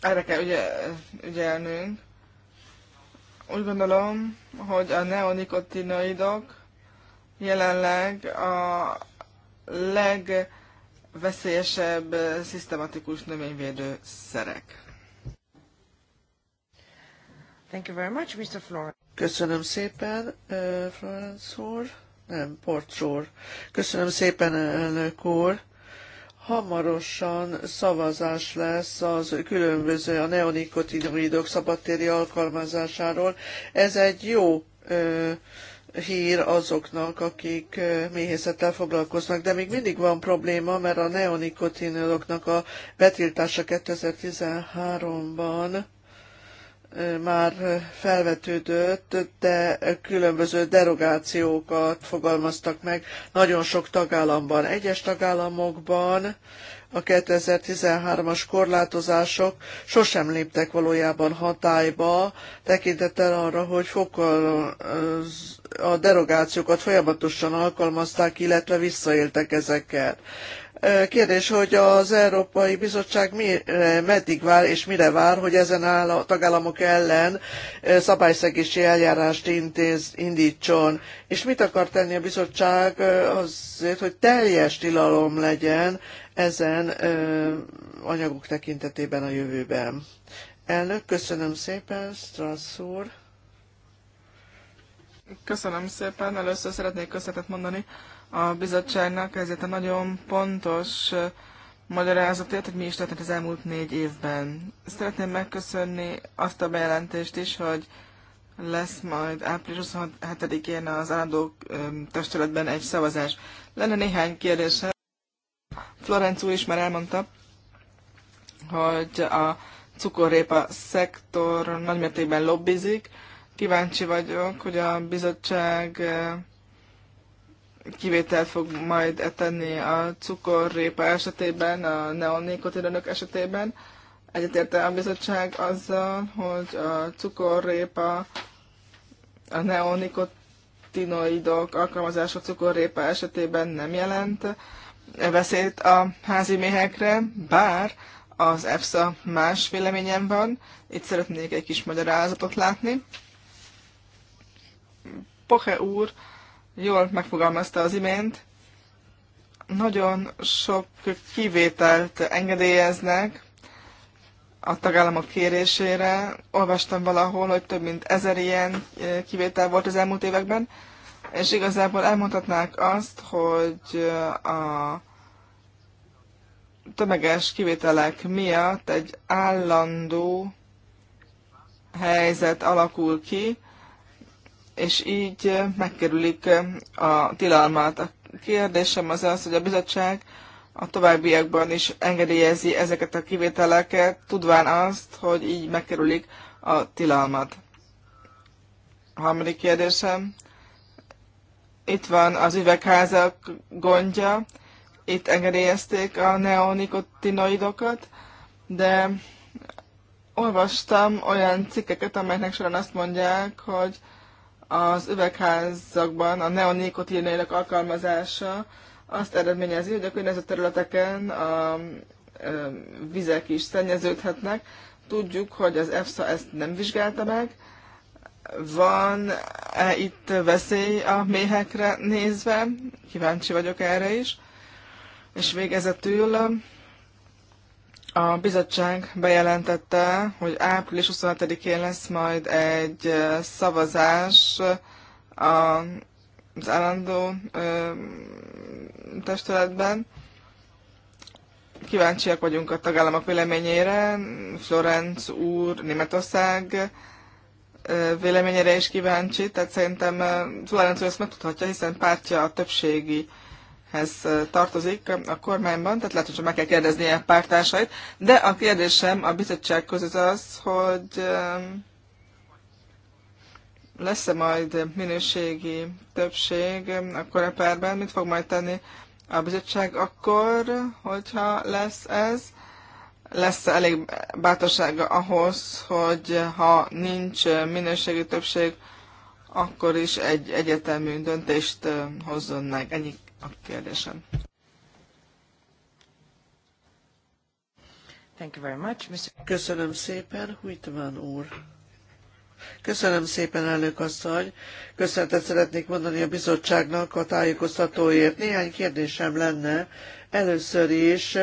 erre kell ügyel, ügyelnünk. Úgy gondolom, hogy a neonikotinoidok jelenleg a leg veszélyesebb, szisztematikus növényvédő szerek. Thank you very much, Mr. Florence. Köszönöm szépen, uh, Florence úr. Nem, Portsor. Köszönöm szépen, elnök úr hamarosan szavazás lesz az különböző a neonikotinoidok szabadtéri alkalmazásáról. Ez egy jó ö, hír azoknak, akik méhészettel foglalkoznak, de még mindig van probléma, mert a neonikotinoloknak a betiltása 2013-ban már felvetődött, de különböző derogációkat fogalmaztak meg nagyon sok tagállamban. Egyes tagállamokban a 2013-as korlátozások sosem léptek valójában hatályba, tekintettel arra, hogy fokkal a derogációkat folyamatosan alkalmazták, illetve visszaéltek ezekkel. Kérdés, hogy az Európai Bizottság mire, meddig vár és mire vár, hogy ezen áll a tagállamok ellen szabályszegési eljárást intéz, indítson, és mit akar tenni a bizottság azért, hogy teljes tilalom legyen ezen anyagok tekintetében a jövőben. Elnök, köszönöm szépen, Strassz úr. Köszönöm szépen. Először szeretnék köszönetet mondani a bizottságnak ezért a nagyon pontos magyarázatért, hogy mi is történt az elmúlt négy évben. Szeretném megköszönni azt a bejelentést is, hogy lesz majd április 27-én az állandó testületben egy szavazás. Lenne néhány kérdése. Florenc úr is már elmondta, hogy a cukorrépa szektor nagymértékben lobbizik. Kíváncsi vagyok, hogy a bizottság eh, kivételt fog majd etenni a cukorrépa esetében, a neonikotinonok esetében. Egyetérte a bizottság azzal, hogy a cukorrépa, a neonikotinoidok alkalmazása cukorrépa esetében nem jelent veszélyt a házi méhekre, bár az EFSA más véleményem van. Itt szeretnék egy kis magyarázatot látni. Poche úr jól megfogalmazta az imént. Nagyon sok kivételt engedélyeznek a tagállamok kérésére. Olvastam valahol, hogy több mint ezer ilyen eh, kivétel volt az elmúlt években és igazából elmondhatnák azt, hogy a tömeges kivételek miatt egy állandó helyzet alakul ki, és így megkerülik a tilalmat. A kérdésem az az, hogy a bizottság a továbbiakban is engedélyezi ezeket a kivételeket, tudván azt, hogy így megkerülik a tilalmat. A harmadik kérdésem itt van az üvegházak gondja, itt engedélyezték a neonikotinoidokat, de olvastam olyan cikkeket, amelynek során azt mondják, hogy az üvegházakban a neonikotinoidok alkalmazása azt eredményezi, hogy a környező területeken a vizek is szennyeződhetnek. Tudjuk, hogy az EFSA ezt nem vizsgálta meg, van -e itt veszély a méhekre nézve? Kíváncsi vagyok erre is. És végezetül a bizottság bejelentette, hogy április 25-én lesz majd egy szavazás az állandó testületben. Kíváncsiak vagyunk a tagállamok véleményére. Florenc úr Németország véleményére is kíváncsi, tehát szerintem Zulán ezt megtudhatja, hiszen pártja a többségi ez tartozik a kormányban, tehát lehet, hogy meg kell kérdezni a pártársait, de a kérdésem a bizottság között az, hogy lesz-e majd minőségi többség a korepárban, mit fog majd tenni a bizottság akkor, hogyha lesz ez, lesz elég bátorsága ahhoz, hogy ha nincs minőségi többség, akkor is egy egyetemű döntést hozzon meg. Ennyi a kérdésem. Thank you very much, Mr. Köszönöm szépen, Huitman úr. Köszönöm szépen, elnök asszony. Köszönetet szeretnék mondani a bizottságnak a tájékoztatóért. Néhány kérdésem lenne. Először is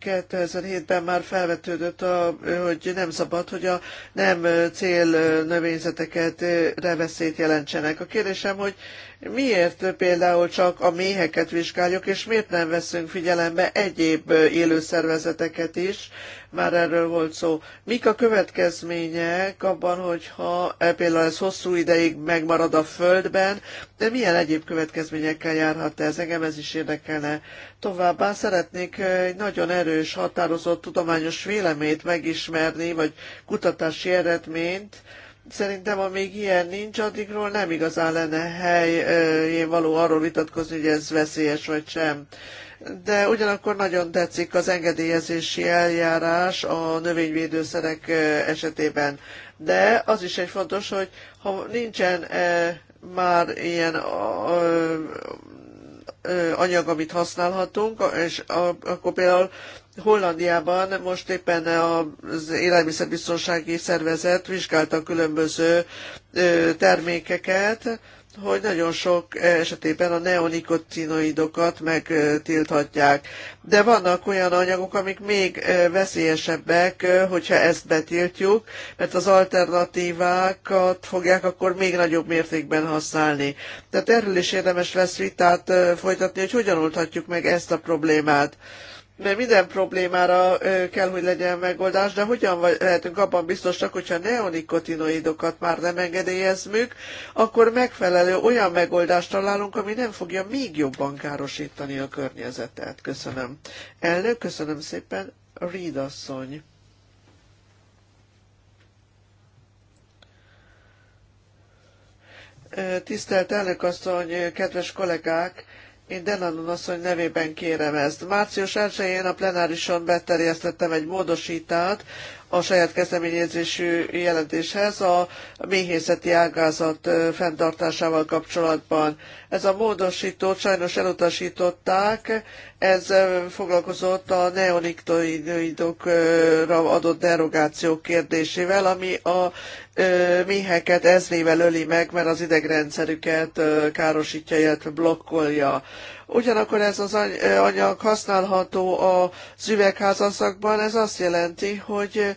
2007-ben már felvetődött, a, hogy nem szabad, hogy a nem cél növényzeteket reveszét jelentsenek. A kérdésem, hogy miért például csak a méheket vizsgáljuk, és miért nem veszünk figyelembe egyéb élőszervezeteket is, már erről volt szó. Mik a következmények abban, hogyha e, például ez hosszú ideig megmarad a földben, de milyen egyéb következményekkel járhat ez? Engem ez is érdekelne. Továbbá szeretnék e, egy nagyon erős, határozott tudományos véleményt megismerni, vagy kutatási eredményt, szerintem, amíg ilyen nincs, addigról nem igazán lenne helyén való arról vitatkozni, hogy ez veszélyes vagy sem de ugyanakkor nagyon tetszik az engedélyezési eljárás a növényvédőszerek esetében. De az is egy fontos, hogy ha nincsen már ilyen anyag, amit használhatunk, és akkor például Hollandiában most éppen az élelmiszerbiztonsági szervezet vizsgálta különböző termékeket, hogy nagyon sok esetében a neonikotinoidokat megtilthatják. De vannak olyan anyagok, amik még eh, veszélyesebbek, eh, hogyha ezt betiltjuk, mert az alternatívákat fogják akkor még nagyobb mértékben használni. Tehát erről is érdemes lesz vitát eh, folytatni, hogy hogyan oldhatjuk meg ezt a problémát mert minden problémára kell, hogy legyen megoldás, de hogyan lehetünk abban biztosak, hogyha neonikotinoidokat már nem engedélyezmük, akkor megfelelő olyan megoldást találunk, ami nem fogja még jobban károsítani a környezetet. Köszönöm. Elnök, köszönöm szépen. Reed asszony. Tisztelt elnök asszony, kedves kollégák! Én Denanon asszony nevében kérem ezt. Március 1-én a plenárison beterjesztettem egy módosítát a saját kezdeményezésű jelentéshez a méhészeti ágázat fenntartásával kapcsolatban. Ez a módosítót sajnos elutasították, ez foglalkozott a neoniktoidokra adott derogációk kérdésével, ami a méheket ezrével öli meg, mert az idegrendszerüket károsítja, illetve blokkolja. Ugyanakkor ez az anyag használható a üvegházaszakban, ez azt jelenti, hogy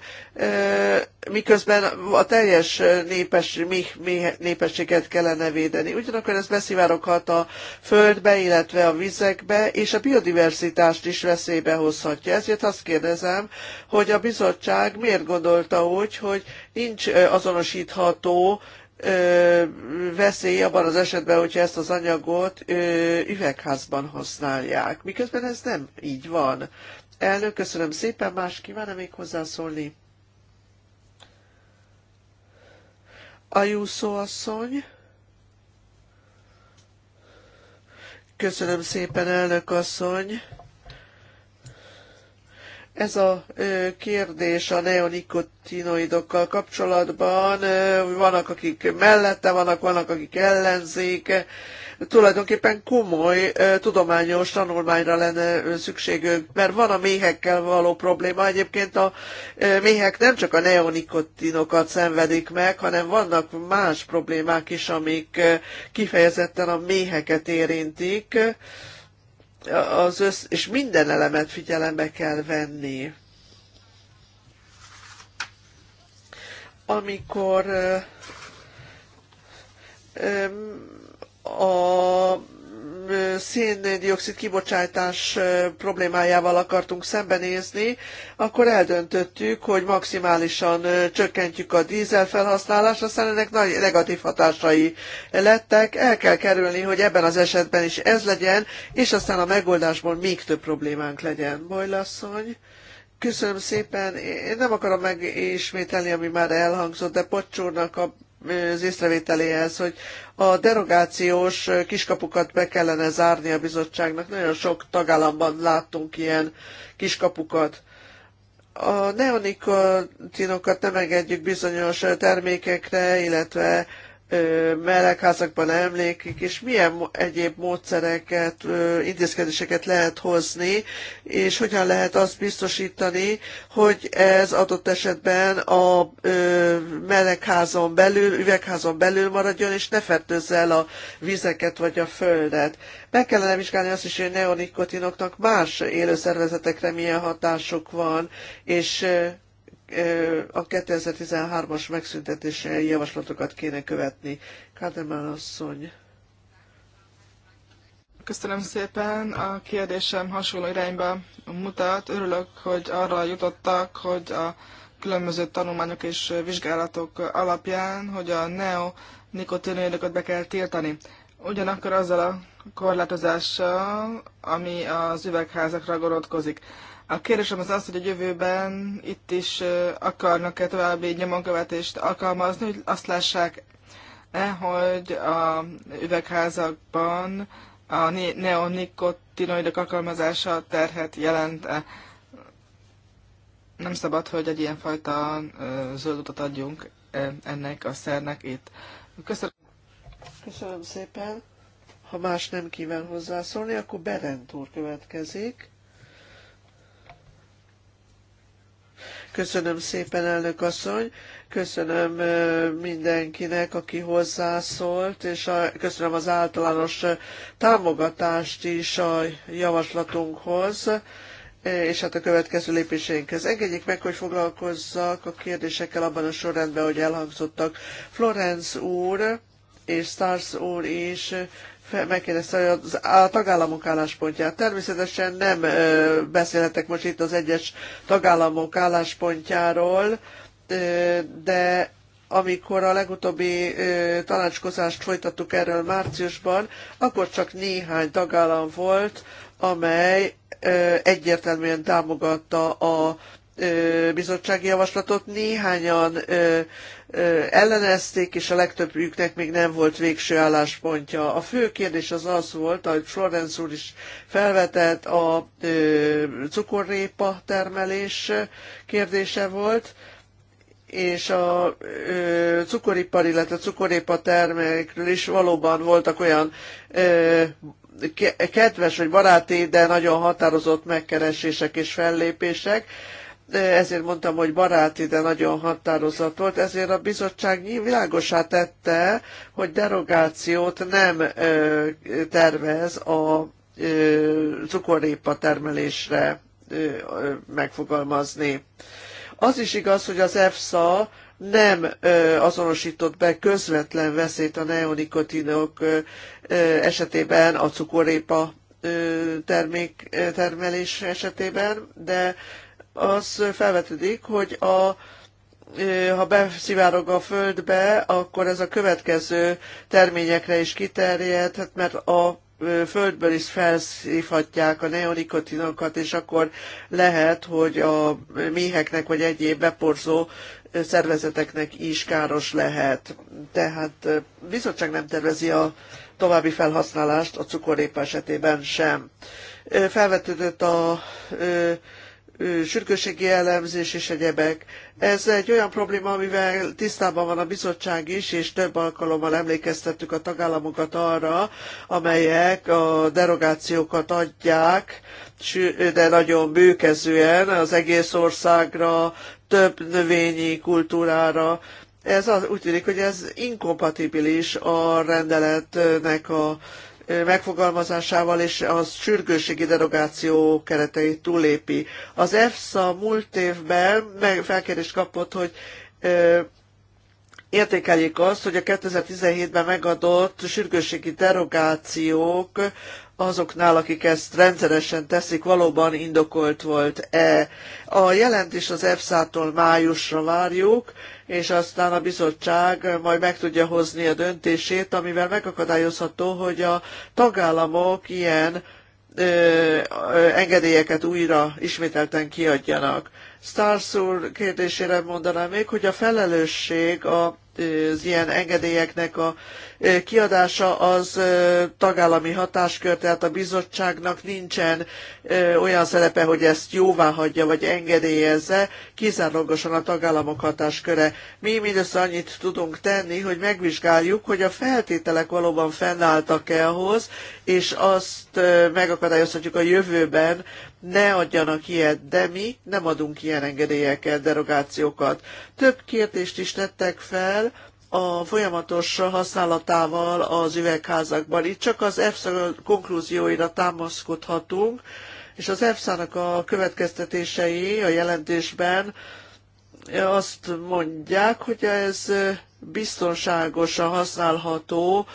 miközben a teljes népes, mi, mi, népességet kellene védeni. Ugyanakkor ez beszivároghat a földbe, illetve a vizekbe, és a biodiverzitást is veszélybe hozhatja. Ezért azt kérdezem, hogy a bizottság miért gondolta úgy, hogy nincs azonosítható veszély abban az esetben, hogyha ezt az anyagot üvegházban használják. Miközben ez nem így van. Elnök, köszönöm szépen, más kívánna még hozzászólni? Ajúszó asszony. Köszönöm szépen, elnök asszony. Ez a kérdés a neonikotinoidokkal kapcsolatban. Vannak, akik mellette vannak, vannak, akik ellenzik tulajdonképpen komoly tudományos tanulmányra lenne szükségünk, mert van a méhekkel való probléma. Egyébként a méhek nem csak a neonikotinokat szenvedik meg, hanem vannak más problémák is, amik kifejezetten a méheket érintik, az össz, és minden elemet figyelembe kell venni. Amikor a széndiokszid kibocsátás problémájával akartunk szembenézni, akkor eldöntöttük, hogy maximálisan csökkentjük a dízel felhasználást, aztán ennek nagy negatív hatásai lettek. El kell kerülni, hogy ebben az esetben is ez legyen, és aztán a megoldásból még több problémánk legyen. Bojlasszony. Köszönöm szépen. Én nem akarom megismételni, ami már elhangzott, de Pocsúrnak a az észrevételéhez, hogy a derogációs kiskapukat be kellene zárni a bizottságnak. Nagyon sok tagállamban láttunk ilyen kiskapukat. A neonikotinokat nem engedjük bizonyos termékekre, illetve melegházakban emlékik, és milyen egyéb módszereket, intézkedéseket lehet hozni, és hogyan lehet azt biztosítani, hogy ez adott esetben a melegházon belül, üvegházon belül maradjon, és ne fertőzze el a vizeket vagy a földet. Meg kellene vizsgálni azt is, hogy neonikotinoknak más élőszervezetekre milyen hatásuk van, és a 2013-as megszüntetése javaslatokat kéne követni. Kádemán asszony. Köszönöm szépen, a kérdésem hasonló irányba mutat. Örülök, hogy arra jutottak, hogy a különböző tanulmányok és vizsgálatok alapján, hogy a neonikotinoidokat be kell tiltani. Ugyanakkor azzal a korlátozással, ami az üvegházakra gondolkozik. A kérdésem az az, hogy a jövőben itt is akarnak-e további nyomonkövetést alkalmazni, hogy azt lássák -e, hogy a üvegházakban a neonikotinoidok alkalmazása terhet jelent -e. Nem szabad, hogy egy fajta zöld utat adjunk ennek a szernek itt. Köszönöm. Köszönöm szépen. Ha más nem kíván hozzászólni, akkor Berend úr következik. Köszönöm szépen, elnök asszony, köszönöm mindenkinek, aki hozzászólt, és köszönöm az általános támogatást is a javaslatunkhoz és hát a következő lépéseinkhez. Engedjék meg, hogy foglalkozzak a kérdésekkel abban a sorrendben, hogy elhangzottak. Florence úr és Stars úr is megkérdezte az, a tagállamok álláspontját. Természetesen nem beszélhetek most itt az egyes tagállamok álláspontjáról, de amikor a legutóbbi tanácskozást folytattuk erről márciusban, akkor csak néhány tagállam volt, amely egyértelműen támogatta a bizottsági javaslatot, néhányan ellenezték, és a legtöbbjüknek még nem volt végső álláspontja. A fő kérdés az az volt, ahogy Florence úr is felvetett, a cukorrépa termelés kérdése volt, és a ö, cukoripar, illetve cukorépa termékről is valóban voltak olyan ö, kedves vagy baráti, de nagyon határozott megkeresések és fellépések, ezért mondtam, hogy baráti, de nagyon határozott volt, ezért a bizottság világosá tette, hogy derogációt nem tervez a cukorépa termelésre megfogalmazni. Az is igaz, hogy az EFSA nem azonosított be közvetlen veszélyt a neonikotinok esetében a cukorépa termék termelés esetében, de az felvetődik, hogy a ha beszivárog a földbe, akkor ez a következő terményekre is kiterjedhet, mert a földből is felszívhatják a neonikotinokat, és akkor lehet, hogy a méheknek vagy egyéb beporzó szervezeteknek is káros lehet. Tehát bizottság nem tervezi a további felhasználást a cukorrépa esetében sem. Felvetődött a sürgősségi elemzés és egyebek. Ez egy olyan probléma, amivel tisztában van a bizottság is, és több alkalommal emlékeztettük a tagállamokat arra, amelyek a derogációkat adják, de nagyon bőkezően az egész országra, több növényi kultúrára. Ez az, úgy tűnik, hogy ez inkompatibilis a rendeletnek a megfogalmazásával és a sürgősségi derogáció kereteit túlépi. Az EFSA múlt évben meg felkérést kapott, hogy értékeljék azt, hogy a 2017-ben megadott sürgősségi derogációk azoknál, akik ezt rendszeresen teszik, valóban indokolt volt-e. A jelentés az EFSA-tól májusra várjuk, és aztán a bizottság majd meg tudja hozni a döntését, amivel megakadályozható, hogy a tagállamok ilyen ö, ö, engedélyeket újra ismételten kiadjanak. Stars úr kérdésére mondanám még, hogy a felelősség az ilyen engedélyeknek a kiadása az tagállami hatáskör, tehát a bizottságnak nincsen olyan szerepe, hogy ezt jóvá hagyja vagy engedélyezze, kizárólagosan a tagállamok hatásköre. Mi mindössze annyit tudunk tenni, hogy megvizsgáljuk, hogy a feltételek valóban fennálltak-e ahhoz, és azt megakadályozhatjuk a jövőben, ne adjanak ilyet, de mi nem adunk ilyen engedélyeket, derogációkat. Több kérdést is tettek fel, a folyamatos használatával az üvegházakban. Itt csak az EFSA konklúzióira támaszkodhatunk, és az EFSA-nak a következtetései a jelentésben azt mondják, hogy ez biztonságosan használható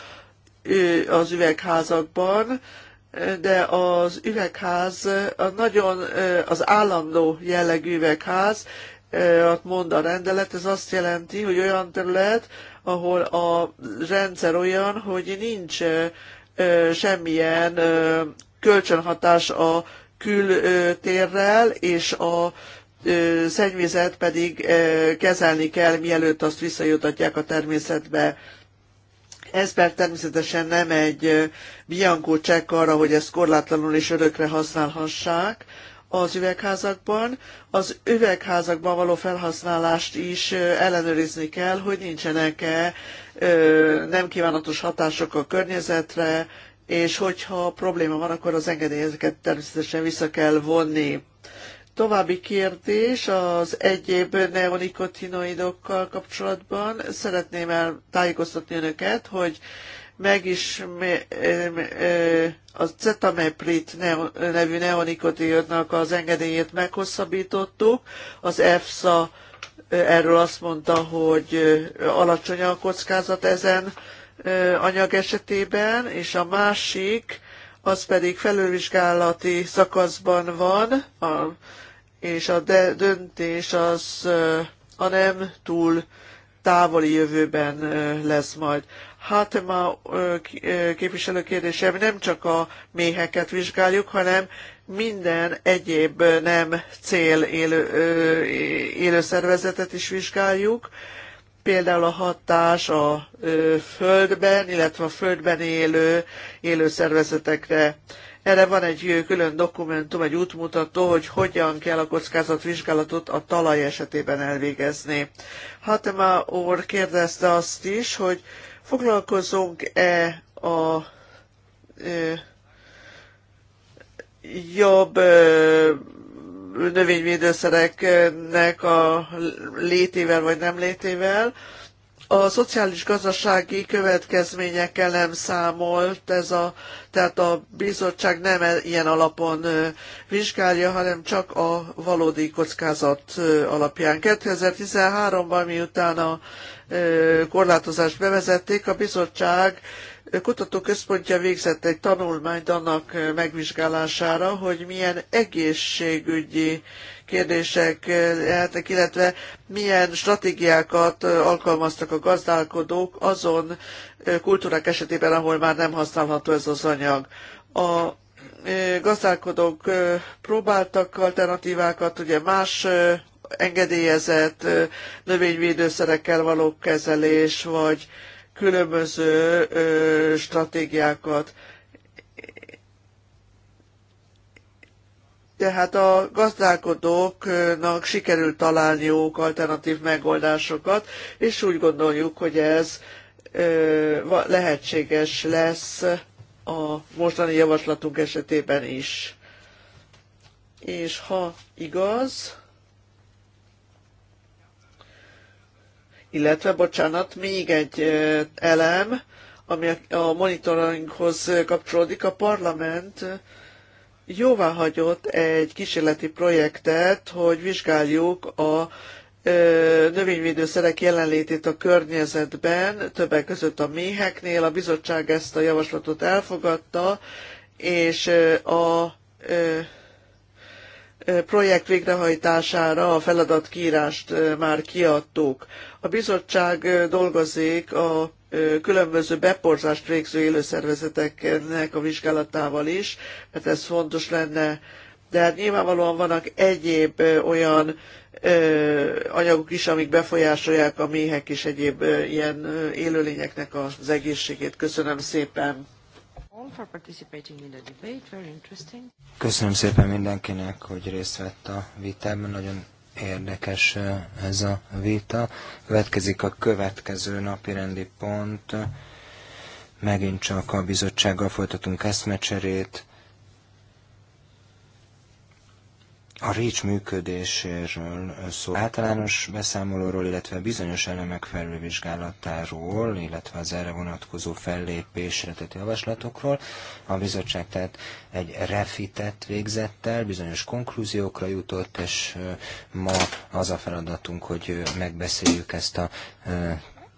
az üvegházakban, de az üvegház a nagyon az állandó jellegű üvegház, Eh, mond a rendelet, ez azt jelenti, hogy olyan terület, ahol a rendszer olyan, hogy nincs eh, semmilyen eh, kölcsönhatás a kültérrel, és a szennyvizet pedig kezelni kell, mielőtt azt visszajutatják a természetbe. Ez per természetesen nem egy biankó csekk arra, hogy ezt korlátlanul és örökre használhassák, az üvegházakban. Az üvegházakban való felhasználást is ellenőrizni kell, hogy nincsenek-e nem kívánatos hatások a környezetre, és hogyha probléma van, akkor az engedélyeket természetesen vissza kell vonni. További kérdés az egyéb neonikotinoidokkal kapcsolatban. Szeretném el tájékoztatni önöket, hogy meg is a cetameprit nevű neonikotiódnak az engedélyét meghosszabbítottuk. Az EFSA erről azt mondta, hogy alacsony a kockázat ezen anyag esetében, és a másik, az pedig felülvizsgálati szakaszban van, a, és a de, döntés az a nem túl távoli jövőben lesz majd. Hátema képviselő kérdésem nem csak a méheket vizsgáljuk, hanem minden egyéb nem cél élő, élő szervezetet is vizsgáljuk, például a hatás a földben, illetve a földben élő élő szervezetekre. Erre van egy külön dokumentum, egy útmutató, hogy hogyan kell a kockázatvizsgálatot a talaj esetében elvégezni. Hatema úr kérdezte azt is, hogy Foglalkozunk-e a jobb növényvédőszereknek a létével vagy nem létével. A szociális-gazdasági következményekkel nem számolt, ez a, tehát a bizottság nem e-, ilyen alapon vizsgálja, hanem csak a valódi kockázat alapján. 2013-ban, miután a korlátozást bevezették, a bizottság kutatóközpontja végzett egy tanulmányt annak megvizsgálására, hogy milyen egészségügyi kérdések lehetnek, illetve milyen stratégiákat alkalmaztak a gazdálkodók azon kultúrák esetében, ahol már nem használható ez az anyag. A gazdálkodók próbáltak alternatívákat, ugye más engedélyezett növényvédőszerekkel való kezelés, vagy különböző stratégiákat. Tehát a gazdálkodóknak sikerült találniuk alternatív megoldásokat, és úgy gondoljuk, hogy ez lehetséges lesz a mostani javaslatunk esetében is. És ha igaz, illetve, bocsánat, még egy elem, ami a monitoringhoz kapcsolódik, a parlament jóvá hagyott egy kísérleti projektet, hogy vizsgáljuk a növényvédőszerek jelenlétét a környezetben, többek között a méheknél. A bizottság ezt a javaslatot elfogadta, és a projekt végrehajtására a feladatkírást már kiadtuk. A bizottság dolgozik a különböző beporzást végző élőszervezeteknek a vizsgálatával is, mert hát ez fontos lenne. De hát nyilvánvalóan vannak egyéb olyan anyagok is, amik befolyásolják a méhek és egyéb ilyen élőlényeknek az egészségét. Köszönöm szépen! Köszönöm szépen mindenkinek, hogy részt vett a vitában. Nagyon érdekes eh, ez a vita. Következik a következő napi rendi pont. Megint csak a bizottsággal folytatunk eszmecserét. a REACH működéséről szól. Általános beszámolóról, illetve bizonyos elemek felülvizsgálatáról, illetve az erre vonatkozó fellépésre tett javaslatokról. A bizottság tehát egy refitet végzett el, bizonyos konklúziókra jutott, és ma az a feladatunk, hogy megbeszéljük ezt a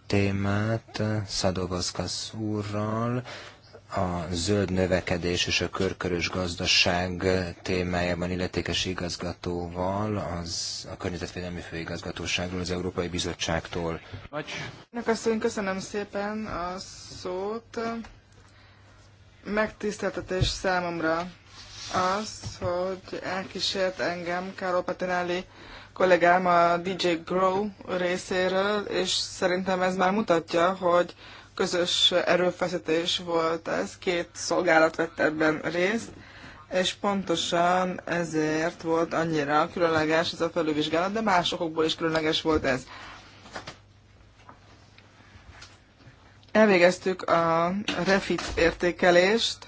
témát Szadovaszkasz úrral, a zöld növekedés és a körkörös gazdaság témájában illetékes igazgatóval, az a Környezetvédelmi Főigazgatóságról, az Európai Bizottságtól. Asszony, köszönöm szépen a szót. Megtiszteltetés számomra az, hogy elkísért engem Károly Patinelli kollégám a DJ Grow részéről, és szerintem ez már mutatja, hogy közös erőfeszítés volt ez, két szolgálat vett ebben részt, és pontosan ezért volt annyira különleges ez a felülvizsgálat, de másokból is különleges volt ez. Elvégeztük a refit értékelést,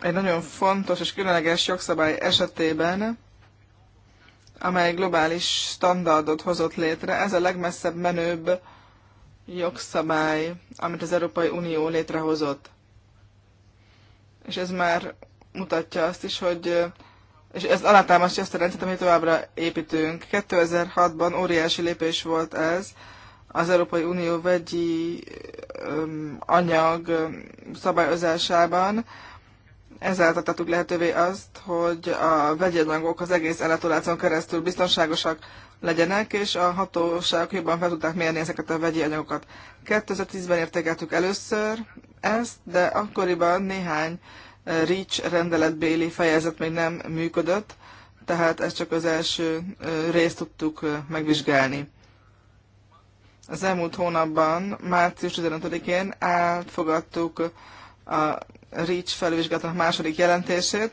egy nagyon fontos és különleges jogszabály esetében, amely globális standardot hozott létre. Ez a legmesszebb menőbb jogszabály, amit az Európai Unió létrehozott. És ez már mutatja azt is, hogy és ez alátámasztja azt a rendszert, amit továbbra építünk. 2006-ban óriási lépés volt ez, az Európai Unió vegyi öm, anyag öm, szabályozásában. Ezáltal tettük lehetővé azt, hogy a vegyi anyagok az egész ellátólácon keresztül biztonságosak, legyenek, és a hatóságok jobban fel tudták mérni ezeket a vegyi anyagokat. 2010-ben értékeltük először ezt, de akkoriban néhány eh, REACH rendeletbéli fejezet még nem működött, tehát ezt csak az első eh, részt tudtuk eh, megvizsgálni. Az elmúlt hónapban, március 15-én átfogadtuk a REACH felvizsgálatnak második jelentését,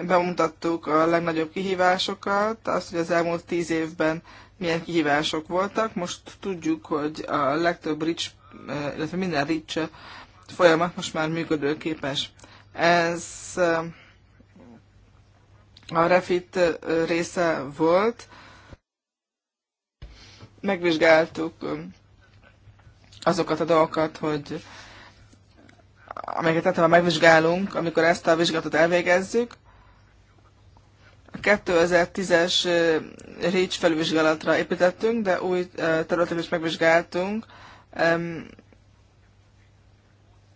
bemutattuk a legnagyobb kihívásokat, azt, hogy az elmúlt tíz évben milyen kihívások voltak. Most tudjuk, hogy a legtöbb RICS, eh, illetve minden RICS folyamat most már működőképes. Ez eh, a refit eh, része volt. Megvizsgáltuk azokat a dolgokat, hogy amelyeket általában megvizsgálunk, amikor ezt a vizsgálatot elvégezzük, 2010-es RÉCS felvizsgálatra építettünk, de új területet is megvizsgáltunk.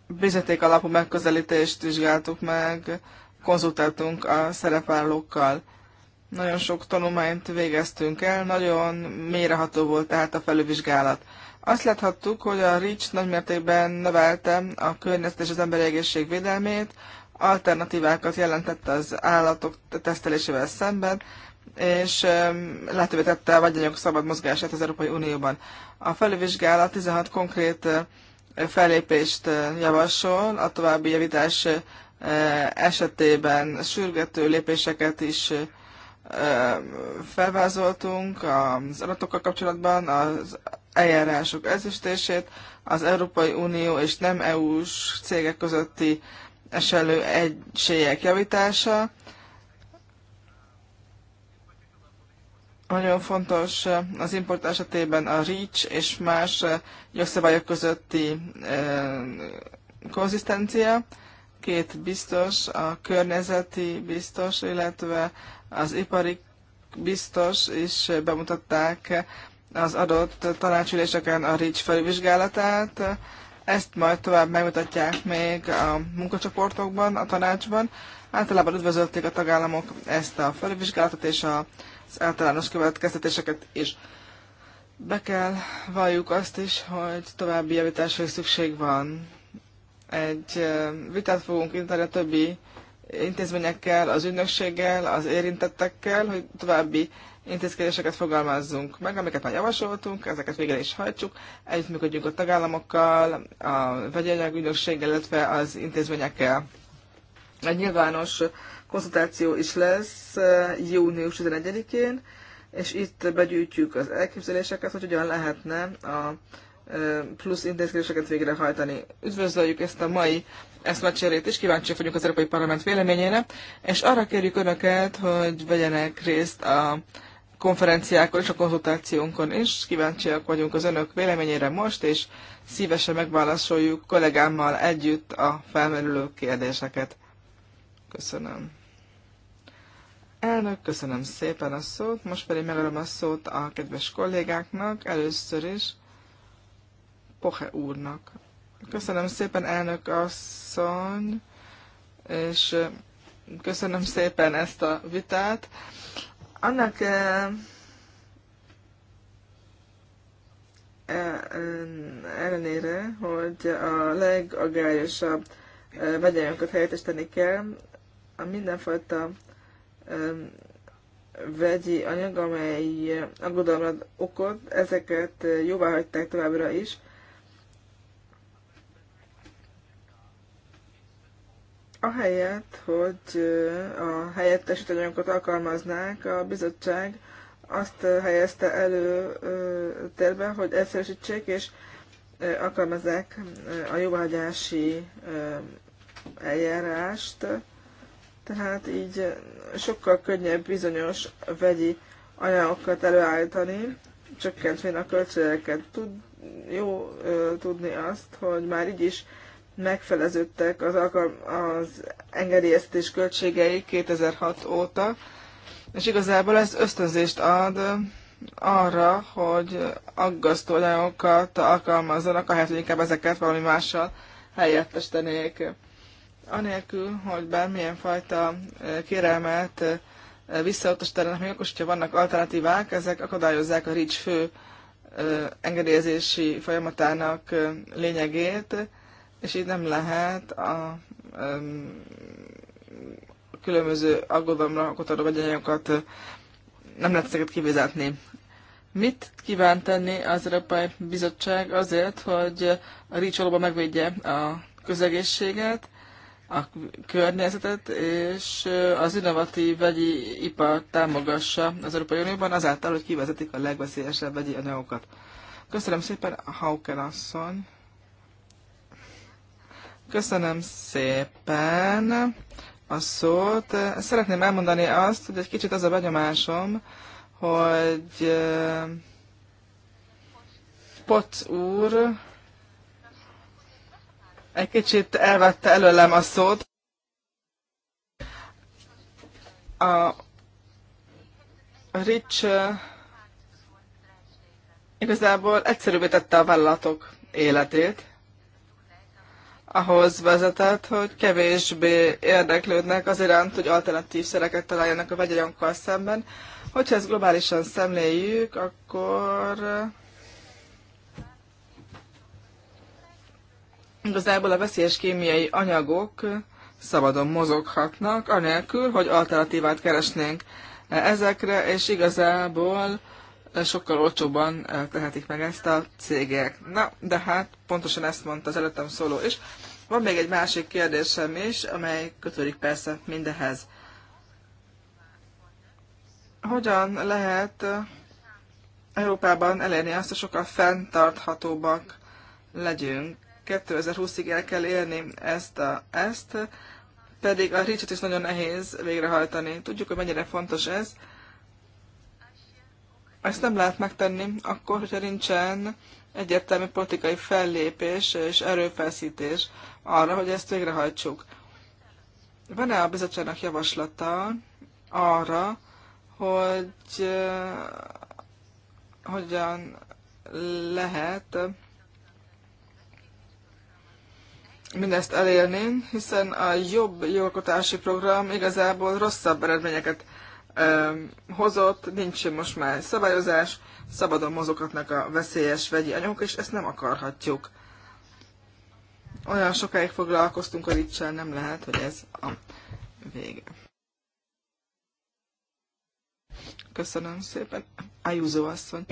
Bizeték alapú megközelítést vizsgáltuk meg, konzultáltunk a szerepállókkal. Nagyon sok tanulmányt végeztünk el, nagyon méreható volt tehát a felülvizsgálat. Azt láthattuk, hogy a Rics nagymértékben növelte a környezet és az emberi egészség védelmét, alternatívákat jelentett az állatok tesztelésével szemben, és lehetővé tette a vagyonok szabad mozgását az Európai Unióban. A felülvizsgálat 16 konkrét fellépést javasol, a további javítás esetében sürgető lépéseket is felvázoltunk az adatokkal kapcsolatban, az eljárások ezüstését, az Európai Unió és nem EU-s cégek közötti eselő egységek javítása. Nagyon fontos az import esetében a REACH és más jogszabályok közötti eh, konzisztencia. Két biztos, a környezeti biztos, illetve az ipari biztos is bemutatták az adott tanácsüléseken a REACH felvizsgálatát ezt majd tovább megmutatják még a munkacsoportokban, a tanácsban. Általában üdvözölték a tagállamok ezt a felvizsgálatot és az általános következtetéseket is. Be kell valljuk azt is, hogy további javításra is szükség van. Egy vitát fogunk indítani a többi intézményekkel, az ügynökséggel, az érintettekkel, hogy további intézkedéseket fogalmazzunk meg, amiket már javasoltunk, ezeket végre is hajtsuk, együttműködjünk a tagállamokkal, a vegyi illetve az intézményekkel. Egy nyilvános konzultáció is lesz eh, június 11-én, és itt begyűjtjük az elképzeléseket, hogy hogyan lehetne a eh, plusz intézkedéseket végrehajtani. Üdvözöljük ezt a mai eszmecserét is, kíváncsi vagyunk az Európai Parlament véleményére, és arra kérjük Önöket, hogy vegyenek részt a konferenciákon és a konzultációnkon is. Kíváncsiak vagyunk az önök véleményére most, és szívesen megválaszoljuk kollégámmal együtt a felmerülő kérdéseket. Köszönöm. Elnök, köszönöm szépen a szót. Most pedig megadom a szót a kedves kollégáknak, először is Poche úrnak. Köszönöm szépen, elnök asszony, és köszönöm szépen ezt a vitát. Annak ellenére, hogy a legagályosabb vegyelmeket helyettesíteni kell, a mindenfajta vegyi anyag, amely aggodalmat okot, ezeket jóvá hagyták továbbra is, Ahelyett, hogy a helyettesítő anyagokat alkalmaznák, a bizottság azt helyezte elő térbe, hogy egyszerűsítsék és alkalmazzák a jóvágyási eljárást, tehát így sokkal könnyebb bizonyos vegyi anyagokat előállítani, csökkentvén a költségeket. Tud, jó tudni azt, hogy már így is megfeleződtek az, az engedélyeztetés költségei 2006 óta, és igazából ez ösztönzést ad arra, hogy aggasztó anyagokat alkalmazzanak, ahelyett, hogy inkább ezeket valami mással helyettestenék. Anélkül, hogy bármilyen fajta kérelmet visszautasítanak még akkor, hogyha vannak alternatívák, ezek akadályozzák a RICS fő engedélyezési folyamatának lényegét, és így nem lehet a um, különböző aggodalomra okotadó vegyanyagokat nem lehet ezeket kivizetni. Mit kíván tenni az Európai Bizottság azért, hogy a rics megvédje a közegészséget, a környezetet és az innovatív vegyi ipar támogassa az Európai Unióban azáltal, hogy kivezetik a legveszélyesebb vegyi anyagokat. Köszönöm szépen, Hauken asszony! Köszönöm szépen a szót. Szeretném elmondani azt, hogy egy kicsit az a benyomásom, hogy Pot úr egy kicsit elvette előlem a szót. A Rich igazából egyszerűbbé tette a vállalatok életét, ahhoz vezetett, hogy kevésbé érdeklődnek az iránt, hogy alternatív szereket találjanak a vegyanyagokkal szemben. Hogyha ezt globálisan szemléljük, akkor eh, igazából a veszélyes kémiai anyagok szabadon mozoghatnak, anélkül, hogy alternatívát keresnénk ezekre, és igazából eh, sokkal olcsóban eh, tehetik meg ezt a cégek. Na, de hát pontosan ezt mondta az előttem szóló is. Van még egy másik kérdésem is, amely kötődik persze mindehez. Hogyan lehet Európában elérni azt, hogy sokkal fenntarthatóbbak legyünk? 2020-ig el kell érni ezt, a, ezt pedig a ricset is nagyon nehéz végrehajtani. Tudjuk, hogy mennyire fontos ez. Ezt nem lehet megtenni akkor, hogyha nincsen egyértelmű politikai fellépés és erőfeszítés arra, hogy ezt végrehajtsuk. Van-e a bizottságnak javaslata arra, hogy eh, hogyan lehet mindezt elérni, hiszen a jobb jogalkotási program igazából rosszabb eredményeket hozott, nincs most már szabályozás, szabadon mozoghatnak a veszélyes vegyi anyagok, és ezt nem akarhatjuk. Olyan sokáig foglalkoztunk a ricsel, nem lehet, hogy ez a vége. Köszönöm szépen. Ajúzó asszony.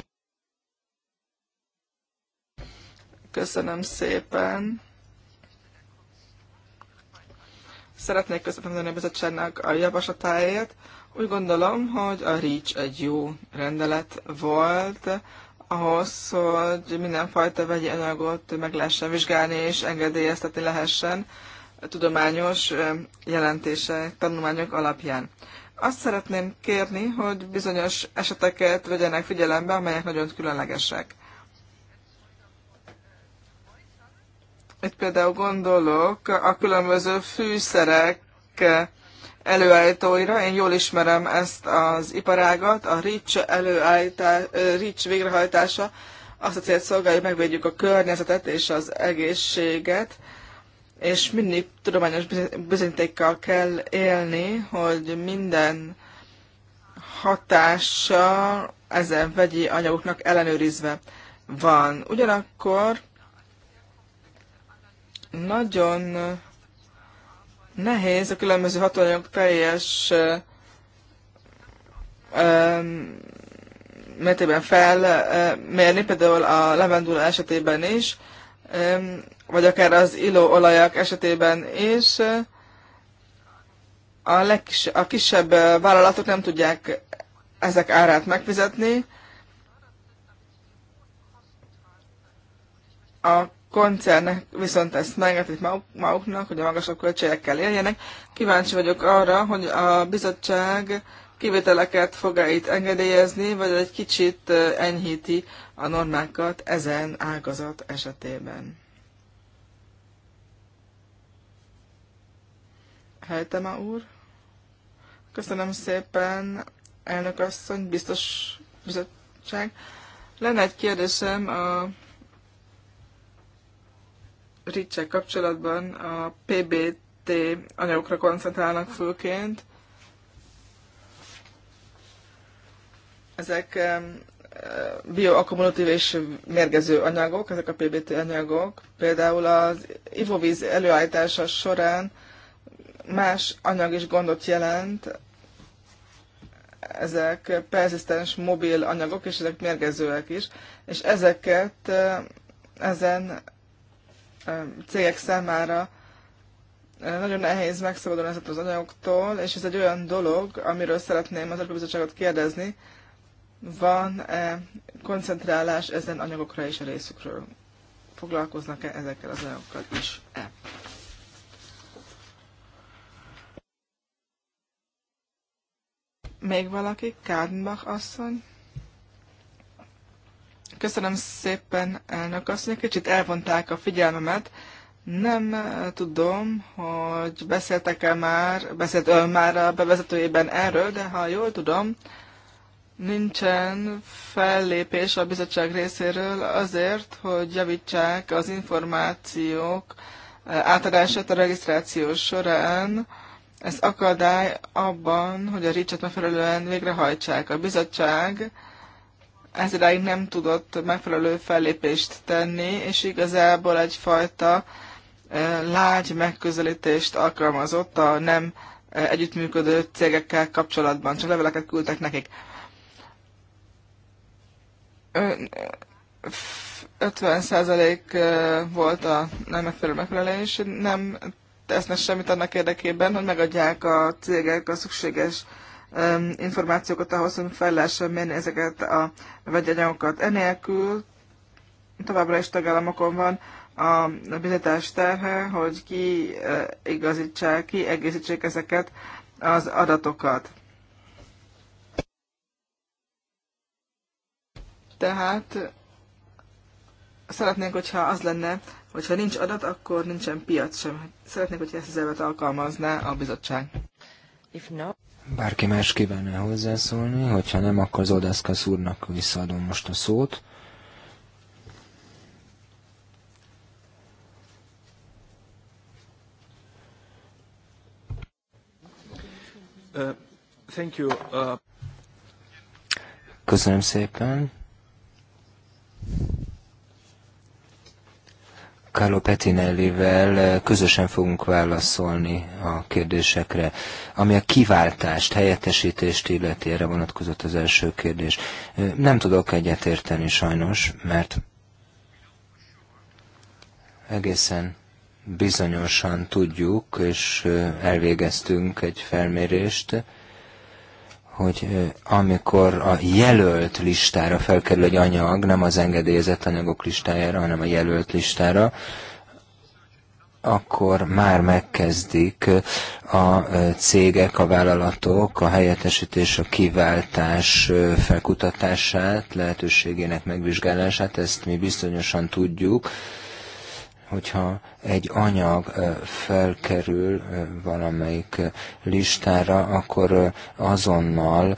Köszönöm szépen. Szeretnék köszönöm a bizottságnak a javaslatáért. Úgy gondolom, hogy a REACH egy jó rendelet volt ahhoz, hogy mindenfajta vegyi anyagot meg lehessen vizsgálni és engedélyeztetni lehessen tudományos jelentések, tanulmányok alapján. Azt szeretném kérni, hogy bizonyos eseteket vegyenek figyelembe, amelyek nagyon különlegesek. Itt például gondolok a különböző fűszerek előállítóira. Én jól ismerem ezt az iparágat. A RICS, előállítá, RICS végrehajtása azt a célt szolgálja, hogy megvédjük a környezetet és az egészséget, és mindig tudományos bizonyítékkal kell élni, hogy minden hatása ezen vegyi anyagoknak ellenőrizve van. Ugyanakkor nagyon Nehéz a különböző hatóanyagok teljes mértében felmérni, például a levendula esetében is, vagy akár az illóolajak esetében is. A, legkis, a kisebb vállalatok nem tudják ezek árát megfizetni. A koncernek viszont ezt megengedik maguknak, hogy a magasabb költségekkel éljenek. Kíváncsi vagyok arra, hogy a bizottság kivételeket fog-e itt engedélyezni, vagy egy kicsit enyhíti a normákat ezen ágazat esetében. a úr. Köszönöm szépen, elnök asszony, biztos bizottság. Lenne egy kérdésem a ricsek kapcsolatban a PBT anyagokra koncentrálnak főként. Ezek eh, bioakkumulatív és mérgező anyagok, ezek a PBT anyagok. Például az ivóvíz előállítása során más anyag is gondot jelent, ezek perszisztens mobil anyagok, és ezek mérgezőek is, és ezeket eh, ezen cégek számára nagyon nehéz megszabadulni ezeket az anyagoktól, és ez egy olyan dolog, amiről szeretném az Európai kérdezni, van-e koncentrálás ezen anyagokra is a részükről? Foglalkoznak-e ezekkel az anyagokkal is? -e? Még valaki? Kárnbach asszony? Köszönöm szépen, elnök asszony. Kicsit elvonták a figyelmemet. Nem eh, tudom, hogy beszéltek-e már, beszélt ön már a bevezetőjében erről, de ha jól tudom, nincsen fellépés a bizottság részéről azért, hogy javítsák az információk eh, átadását a regisztráció során. Ez akadály abban, hogy a ricset megfelelően végrehajtsák. A bizottság ez idáig nem tudott megfelelő fellépést tenni, és igazából egyfajta eh, lágy megközelítést alkalmazott a nem eh, együttműködő cégekkel kapcsolatban, csak leveleket küldtek nekik. 50% eh, volt a nem megfelelő megfelelés, nem tesznek semmit annak érdekében, hogy megadják a cégek a szükséges információkat ahhoz, hogy fel lehessen menni ezeket a vegyanyagokat. Enélkül továbbra is tagállamokon van a bizetás terhe, hogy ki igazítsák, ki egészítsék ezeket az adatokat. Tehát szeretnénk, hogyha az lenne, hogyha nincs adat, akkor nincsen piac sem. Szeretnék, hogyha ezt az elvet alkalmazná a bizottság. If no, Bárki más kívánna hozzászólni, hogyha nem, akkor Zodászkasz úrnak visszaadom most a szót. Uh, thank you. Uh... Köszönöm szépen. Carlo Petinellivel eh, közösen fogunk válaszolni a kérdésekre. Ami a kiváltást, helyettesítést illeti, erre vonatkozott az első kérdés. Eh, nem tudok egyetérteni sajnos, mert egészen bizonyosan tudjuk, és eh, elvégeztünk egy felmérést, hogy amikor a jelölt listára felkerül egy anyag, nem az engedélyezett anyagok listájára, hanem a jelölt listára, akkor már megkezdik a cégek, a vállalatok a helyettesítés, a kiváltás felkutatását, lehetőségének megvizsgálását, ezt mi bizonyosan tudjuk, hogyha egy anyag felkerül valamelyik listára, akkor azonnal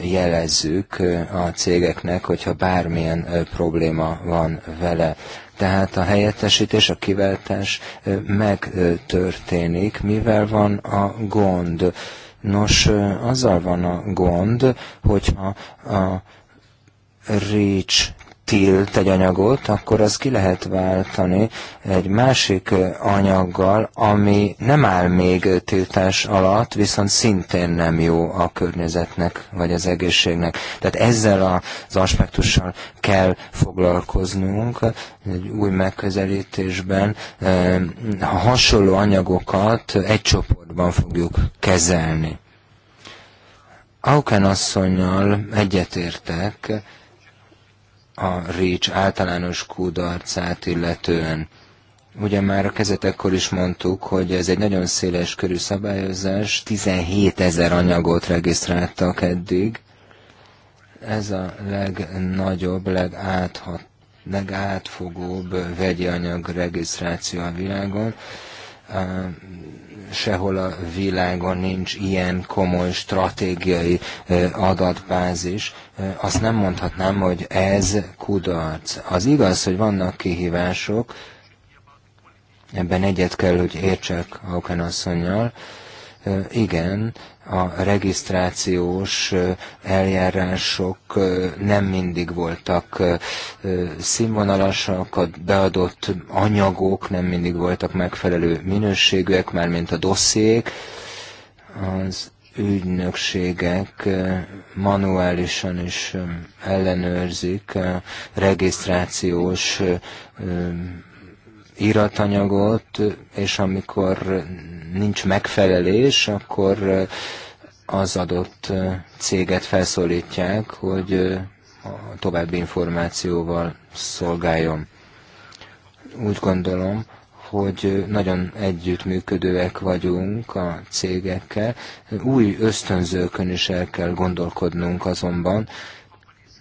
jelezzük a cégeknek, hogyha bármilyen probléma van vele. Tehát a helyettesítés, a kiváltás megtörténik, mivel van a gond. Nos, azzal van a gond, hogyha a REACH tilt egy anyagot, akkor az ki lehet váltani egy másik anyaggal, ami nem áll még tiltás alatt, viszont szintén nem jó a környezetnek vagy az egészségnek. Tehát ezzel az aspektussal kell foglalkoznunk egy új megközelítésben. Ha hasonló anyagokat egy csoportban fogjuk kezelni. Auken asszonynal egyetértek, a Rich általános kudarcát illetően. Ugye már a kezetekkor is mondtuk, hogy ez egy nagyon széles körű szabályozás, 17 ezer anyagot regisztráltak eddig. Ez a legnagyobb, legáthat, legátfogóbb vegyi anyag regisztráció a világon sehol a világon nincs ilyen komoly stratégiai adatbázis. Azt nem mondhatnám, hogy ez kudarc. Az igaz, hogy vannak kihívások, ebben egyet kell, hogy értsek Hauken asszonynal, igen, a regisztrációs eljárások nem mindig voltak színvonalasak, a beadott anyagok nem mindig voltak megfelelő minőségűek, mint a dossziék. Az ügynökségek manuálisan is ellenőrzik a regisztrációs íratanyagot, és amikor nincs megfelelés, akkor az adott céget felszólítják, hogy további információval szolgáljon. Úgy gondolom, hogy nagyon együttműködőek vagyunk a cégekkel. Új ösztönzőkön is el kell gondolkodnunk azonban.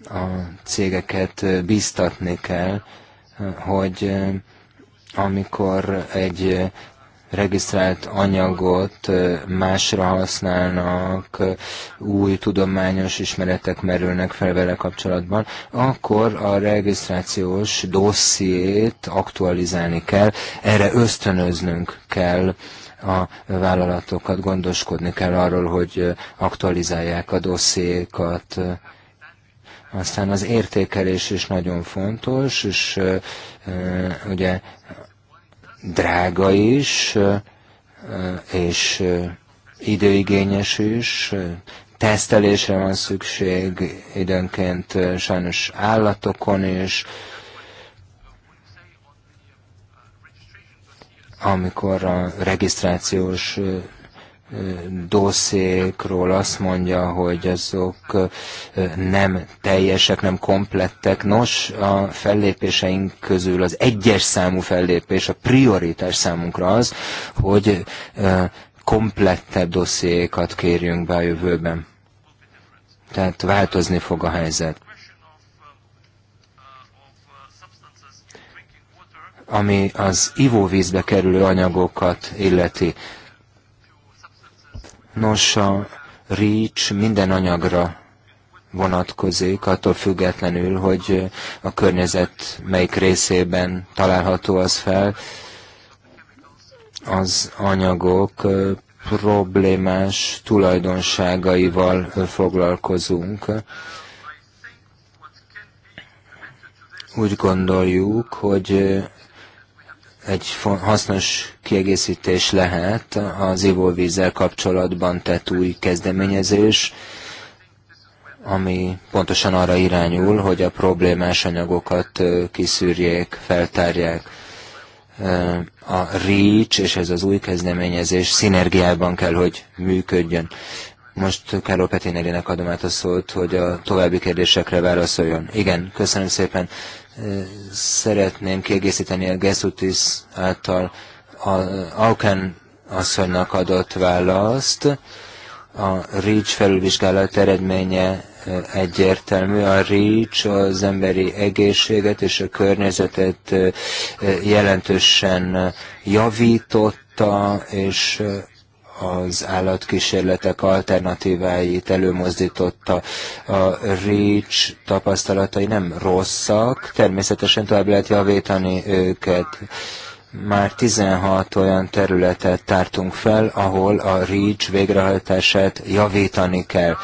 A cégeket bíztatni kell, hogy amikor egy regisztrált anyagot másra használnak, új tudományos ismeretek merülnek fel vele kapcsolatban, akkor a regisztrációs dossziét aktualizálni kell, erre ösztönöznünk kell a vállalatokat, gondoskodni kell arról, hogy aktualizálják a dossziékat, aztán az értékelés is nagyon fontos, és ugye drága is, és időigényes is, tesztelésre van szükség, időnként sajnos állatokon is, amikor a regisztrációs dosszékról azt mondja, hogy azok nem teljesek, nem komplettek. Nos, a fellépéseink közül az egyes számú fellépés, a prioritás számunkra az, hogy komplettebb dossziékat kérjünk be a jövőben. Tehát változni fog a helyzet. Ami az ivóvízbe kerülő anyagokat illeti Nos, a REACH minden anyagra vonatkozik, attól függetlenül, hogy a környezet melyik részében található az fel, az anyagok problémás tulajdonságaival foglalkozunk. Úgy gondoljuk, hogy egy hasznos kiegészítés lehet az ivóvízzel kapcsolatban tett új kezdeményezés, ami pontosan arra irányul, hogy a problémás anyagokat kiszűrjék, feltárják. A REACH és ez az új kezdeményezés szinergiában kell, hogy működjön. Most Károl Petinérének adom át a szót, hogy a további kérdésekre válaszoljon. Igen, köszönöm szépen. Szeretném kiegészíteni a Gesutis által a Auken asszonynak adott választ. A REACH felülvizsgálat eredménye egyértelmű. A REACH az emberi egészséget és a környezetet jelentősen javította, és az állatkísérletek alternatíváit előmozdította. A REACH tapasztalatai nem rosszak, természetesen tovább lehet javítani őket. Már 16 olyan területet tártunk fel, ahol a REACH végrehajtását javítani kell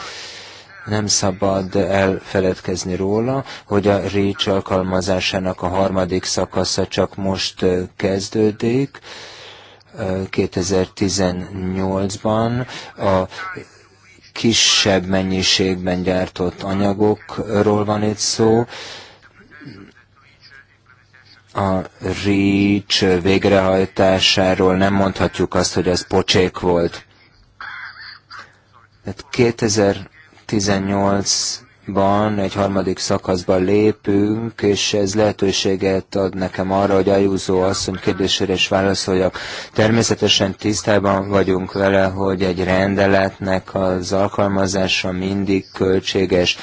nem szabad elfeledkezni róla, hogy a REACH alkalmazásának a harmadik szakasza csak most kezdődik, 2018-ban a kisebb mennyiségben gyártott anyagokról van itt szó. A REACH végrehajtásáról nem mondhatjuk azt, hogy az pocsék volt. 2018 ban egy harmadik szakaszba lépünk, és ez lehetőséget ad nekem arra, hogy Ajúzó asszony kérdésére is válaszoljak. Természetesen tisztában vagyunk vele, hogy egy rendeletnek az alkalmazása mindig költséges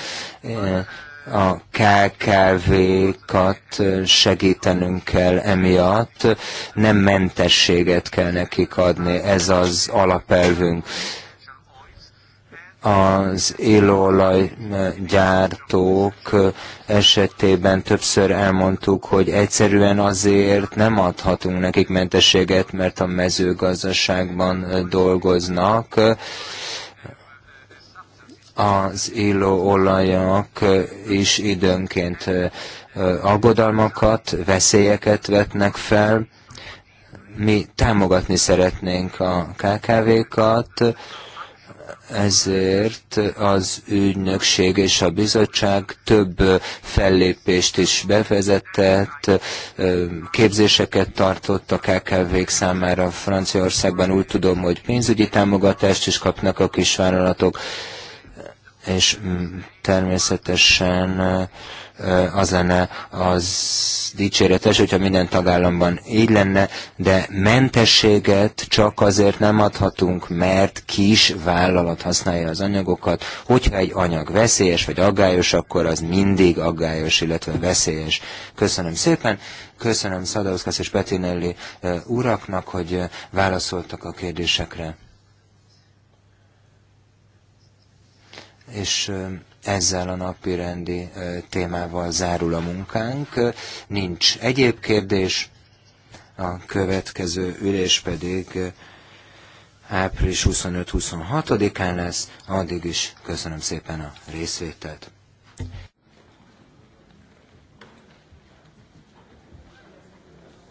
a KKV-kat segítenünk kell emiatt, nem mentességet kell nekik adni, ez az alapelvünk az gyártók esetében többször elmondtuk, hogy egyszerűen azért nem adhatunk nekik mentességet, mert a mezőgazdaságban dolgoznak. Az élőolajak is időnként aggodalmakat, veszélyeket vetnek fel. Mi támogatni szeretnénk a KKV-kat, ezért az ügynökség és a bizottság több fellépést is bevezetett, képzéseket tartott a kkv számára Franciaországban, úgy tudom, hogy pénzügyi támogatást is kapnak a kisvállalatok, és természetesen az lenne az dicséretes, hogyha minden tagállamban így lenne, de mentességet csak azért nem adhatunk, mert kis vállalat használja az anyagokat. Hogyha egy anyag veszélyes vagy aggályos, akkor az mindig aggályos, illetve veszélyes. Köszönöm szépen, köszönöm Szadauszkász és Petinelli uraknak, hogy válaszoltak a kérdésekre. És ezzel a napirendi témával zárul a munkánk. Nincs egyéb kérdés, a következő ülés pedig április 25-26-án lesz, addig is köszönöm szépen a részvételt.